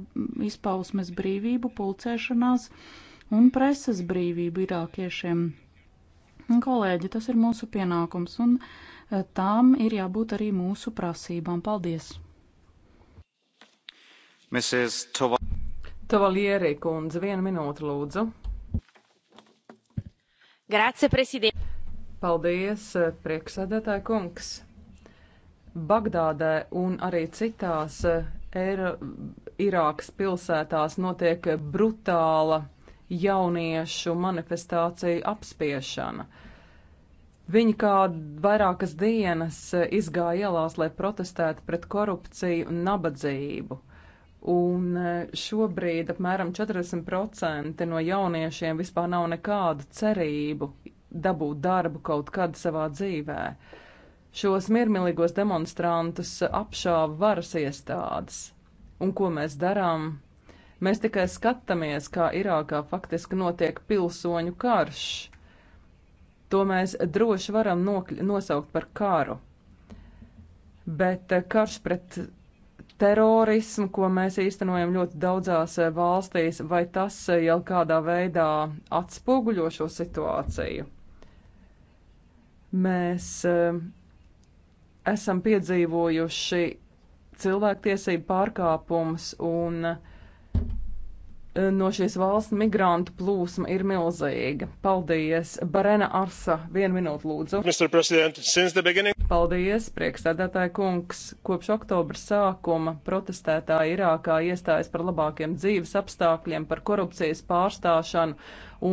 izpausmes brīvību, pulcēšanās, uh, un preses brīvību irākiešiem. Un, kolēģi, tas ir mūsu pienākums, un eh, tām ir jābūt arī mūsu prasībām. Paldies! Mrs. Tova... Tavalieri kundze, viena minūte lūdzu. Grazie, prezident. Paldies, prieksēdētāja kungs. Bagdādē un arī citās eh, Eiro, Irākas pilsētās notiek brutāla jauniešu manifestāciju apspiešana. Viņi kā vairākas dienas izgāja ielās, lai protestētu pret korupciju un nabadzību. Un eh, šobrīd apmēram 40% no jauniešiem vispār nav nekādu cerību dabūt darbu kaut kad savā dzīvē. Šos miermīlīgos demonstrantus apšāva varas iestādes. Un ko mēs darām? Mēs tikai skatāmies, kā Irākā faktiski notiek pilsoņu karš. To mēs droši varam nosaukt par karu. Bet eh, karš pret terorismu, ko mēs īstenojam ļoti daudzās eh, valstīs, vai tas eh, jau kādā veidā atspoguļo šo situāciju? Mēs esam piedzīvojuši cilvēktiesību pārkāpumus un uh, no šīs valsts migrantu plūsma ir milzīga. Paldies, Barena Arsa, vienu minūtu lūdzu. Paldies, prieksēdētāji kungs. Kopš oktobra sākuma protestētāji Irākā iestājas par labākiem dzīves apstākļiem, par korupcijas pārstāšanu,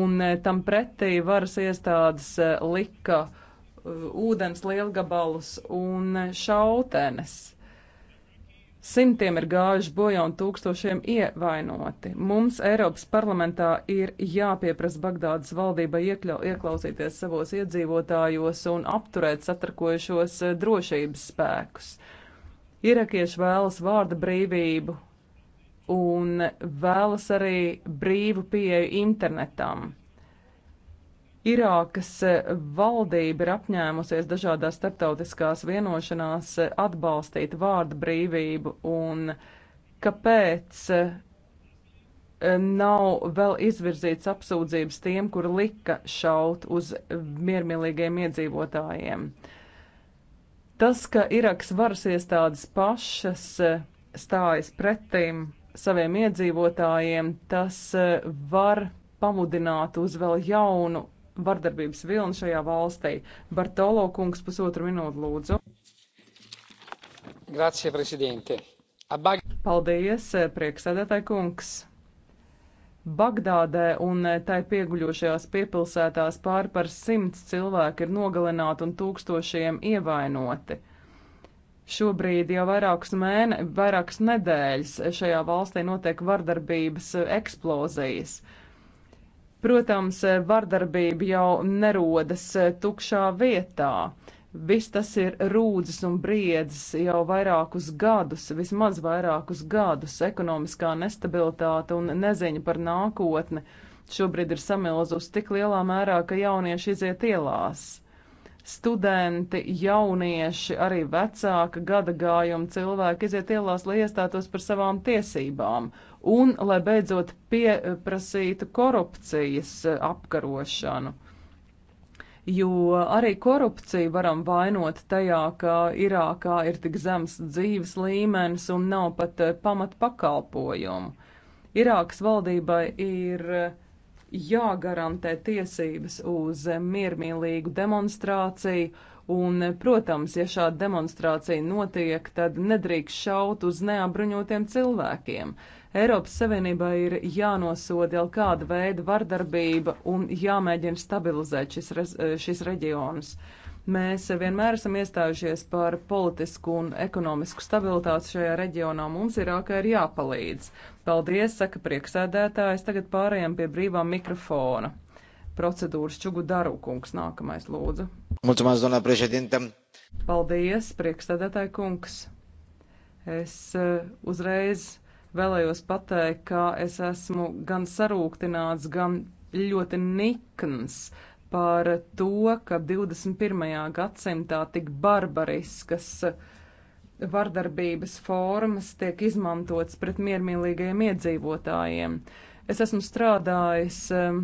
un e, tam pretī varas iestādes e, lika e, ūdens lielgabalus un šautenes Simtiem ir gājuši bojā un tūkstošiem ievainoti. Mums Eiropas parlamentā ir jāpieprasa Bagdādas valdībai iekļau, ieklausīties savos iedzīvotājos un apturēt satrakojušos eh, drošības spēkus. Irakieši vēlas vārda brīvību un vēlas arī brīvu pieeju internetam. Irākas e, valdība ir apņēmusies dažādās starptautiskās vienošanās e, atbalstīt vārdu brīvību un kāpēc e, nav vēl izvirzīts apsūdzības tiem, kur lika šaut uz miermīlīgiem iedzīvotājiem. Tas, ka Iraks varas iestādes pašas stājas pretim saviem iedzīvotājiem, tas var pamudināt uz vēl jaunu vardarbības vilni šajā valstī. Bartolo kungs, pusotru minūtu lūdzu. Grazie, prezidente. Abag... Paldies, prieksēdētāji kungs. Bagdādē un tai pieguļošajās piepilsētās pāri par simts cilvēku ir nogalināti un tūkstošiem ievainoti. Šobrīd jau vairākus mēne, vairākas nedēļas šajā valstī notiek vardarbības eksplozijas. Uh, Protams, eh, vardarbība jau nerodas eh, tukšā vietā. Viss tas ir rūdzis un briedzis jau vairākus gadus, vismaz vairākus gadus - ekonomiskā nestabilitāte un neziņa par nākotni. Šobrīd ir samilzus tik lielā mērā, ka jaunieši iziet ielās studenti, jaunieši, arī vecāka gada gājuma cilvēki iziet ielās, lai iestātos par savām tiesībām un lai beidzot pieprasītu korupcijas eh, apkarošanu. Jo arī korupciju varam vainot tajā, ka Irākā ir tik zems dzīves līmenis un nav pat eh, pamat pakalpojumu. Irākas valdībai ir uh, jāgarantē tiesības uz miermīlīgu demonstrāciju. Un, protams, ja šāda demonstrācija notiek, tad nedrīkst šaut uz neapbruņotiem cilvēkiem. Eiropas Savienībā ir jānosoda jau kāda veida vardarbība un jāmēģina stabilizēt šis, šis reģions. Uh, Mēs vienmēr esam iestājušies par politisku un ekonomisku stabilitāti šajā reģionā. Mums Irākai ir jāpalīdz. Paldies, saka prieksēdētājs. Tagad pārējām pie brīvā mikrofona. Procedūras Čugu Darukungs nākamais lūdzu. Mulțumesc, doamna președintă. Paldies, priekšstādātāja kungs. Es eh, uzreiz vēlējos pateikt, ka es esmu gan sarūktināts, gan ļoti nikns par to, ka 21. gadsimtā tik barbariskas vardarbības formas tiek izmantotas pret miermīlīgajiem iedzīvotājiem. Es esmu strādājis um,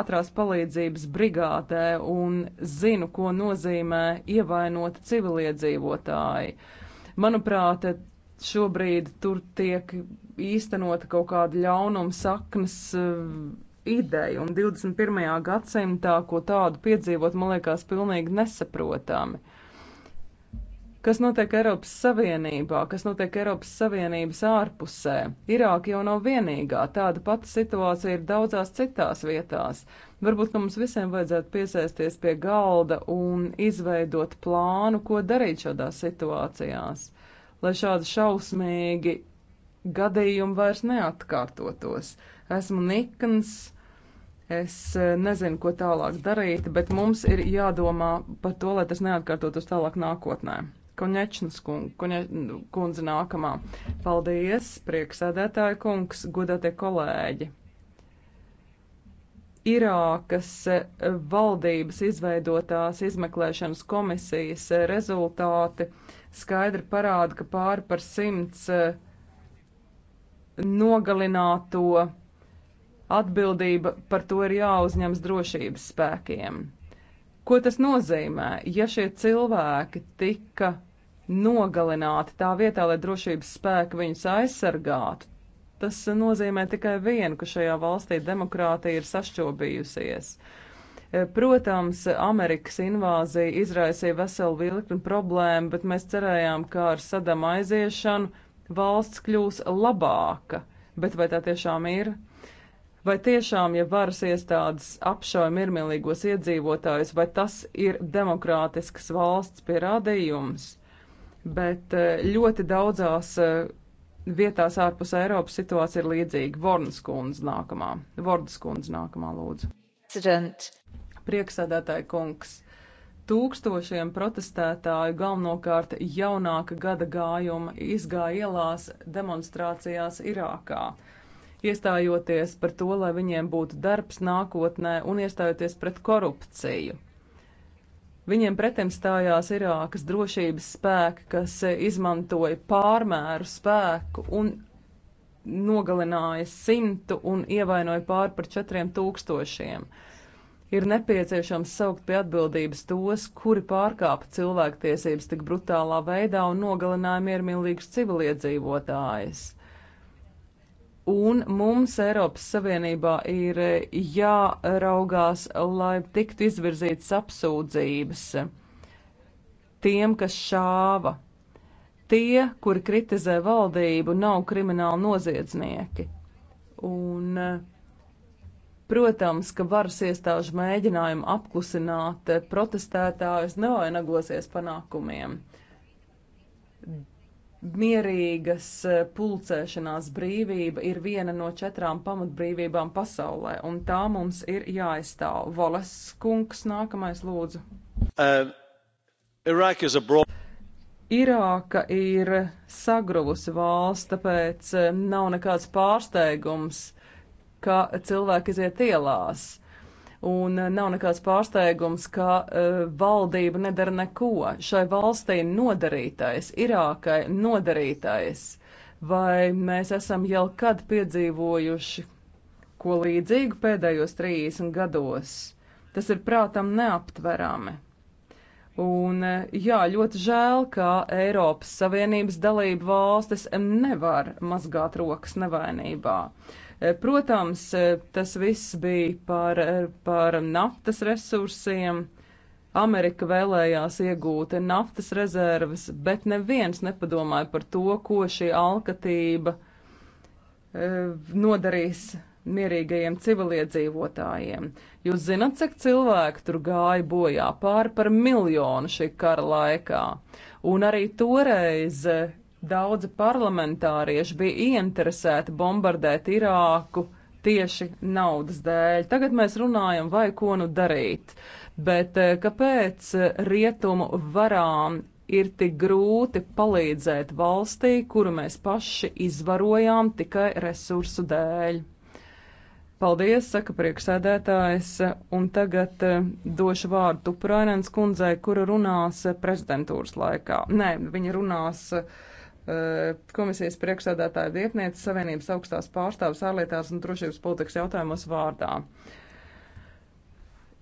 ātrās palīdzības brigādē un zinu, ko nozīmē ievainot civiliedzīvotāji. Manuprāt, šobrīd tur tiek īstenota kaut kāda ļaunuma saknes um, ideja, un 21. gadsimtā, ko tādu piedzīvot, man liekas, pilnīgi nesaprotami. Kas notiek Eiropas Savienībā, kas notiek Eiropas Savienības ārpusē? Irāka jau nav vienīgā, tāda pati situācija ir daudzās citās vietās. Varbūt, ka mums visiem vajadzētu piesēsties pie galda un izveidot plānu, ko darīt šādās situācijās, lai šādi šausmīgi gadījumi vairs neatkārtotos esmu nikns, es eh, nezinu, ko tālāk darīt, bet mums ir jādomā par to, lai tas neatkārtotos tālāk nākotnē. Konečnas kundze nākamā. Paldies, prieksēdētāja kungs, godātie kolēģi! Irākas eh, valdības izveidotās izmeklēšanas komisijas eh, rezultāti skaidri parāda, ka pāri par simts nogalināto Atbildība par to ir jāuzņems drošības spēkiem. Ko tas nozīmē? Ja šie cilvēki tika nogalināti tā vietā, lai drošības spēki viņus aizsargātu, tas nozīmē tikai vienu, ka šajā valstī demokrātija ir sašķobījusies. Protams, Amerikas invāzija izraisīja veselu virkni problēmu, bet mēs cerējām, ka ar sadam aiziešanu valsts kļūs labāka. Bet vai tā tiešām ir? Vai tiešām, ja varas iestādes apšauja mirmīlīgos iedzīvotājus, vai tas ir demokrātisks valsts pierādījums? Bet eh, ļoti daudzās eh, vietās ārpus Eiropas situācija ir līdzīga. Vornas kundze nākamā. Vordas kundze nākamā lūdzu. Prieksēdētāji kungs. Tūkstošiem protestētāju, galvenokārt jaunāka gada gājuma, izgāja ielās demonstrācijās Irākā iestājoties par to, lai viņiem būtu darbs nākotnē un iestājoties pret korupciju. Viņiem pretim stājās Irākas drošības spēki, kas izmantoja pārmēru spēku un nogalināja simtu un ievainoja pāri par četriem tūkstošiem. Ir nepieciešams saukt pie atbildības tos, kuri pārkāpa cilvēktiesības tik brutālā veidā un nogalināja miermīlīgus civiliedzīvotājus. Un mums Eiropas Savienībā ir jāraugās, lai tiktu izvirzītas apsūdzības tiem, kas šāva. Tie, kuri kritizē valdību, nav krimināli noziedznieki. Un, protams, ka varas iestāžu mēģinājumu apklusināt protestētājus nevainagosies panākumiem mierīgas eh, pulcēšanās brīvība ir viena no četrām pamatbrīvībām pasaulē, un tā mums ir jāaizstāv. Voles kungs, nākamais lūdzu. Uh, Iraq is a broad... Irāka ir sagruvusi valsts, tāpēc eh, nav nekāds pārsteigums, ka cilvēki iziet ielās. Un eh, nav nekāds pārsteigums, ka uh, valdība nedara neko. Šai valstī nodarītais, Irākai nodarītais. Vai mēs esam jau kad piedzīvojuši ko līdzīgu pēdējos 30 gados? Tas ir prātam neaptverami. Un eh, jā, ļoti žēl, ka Eiropas Savienības dalību valstis nevar mazgāt rokas nevainībā. Uh, Protams, tas viss bija par, par naftas resursiem. Amerika vēlējās iegūt naftas rezerves, bet neviens nepadomāja par to, ko šī alkatība e, nodarīs mierīgajiem civiliedzīvotājiem. Jūs zinat, cik cilvēki tur gāja bojā pāri par miljonu šī kara laikā. Un arī toreiz Daudzi parlamentārieši bija ieinteresēti bombardēt Irāku tieši naudas dēļ. Tagad mēs runājam, vai ko nu darīt. Bet eh, kāpēc eh, rietumu varām ir tik grūti palīdzēt valstī, kuru mēs paši izvarojām tikai resursu dēļ? Paldies, saka priekšsēdētājs, un tagad eh, došu vārdu Tuprainens kundzei, kura runās prezidentūras laikā. Nē, viņa runās uh, Eh, komisijas priekšsēdētāja vietniece Savienības augstās pārstāvis ārlietās un drošības politikas jautājumos vārdā.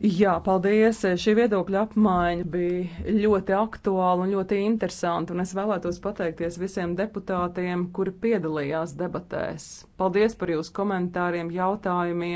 Jā, paldies. Šī viedokļa apmaiņa bija ļoti aktuāla un ļoti interesanta, un es vēlētos pateikties visiem deputātiem, kuri piedalījās debatēs. Paldies par jūsu komentāriem, jautājumiem.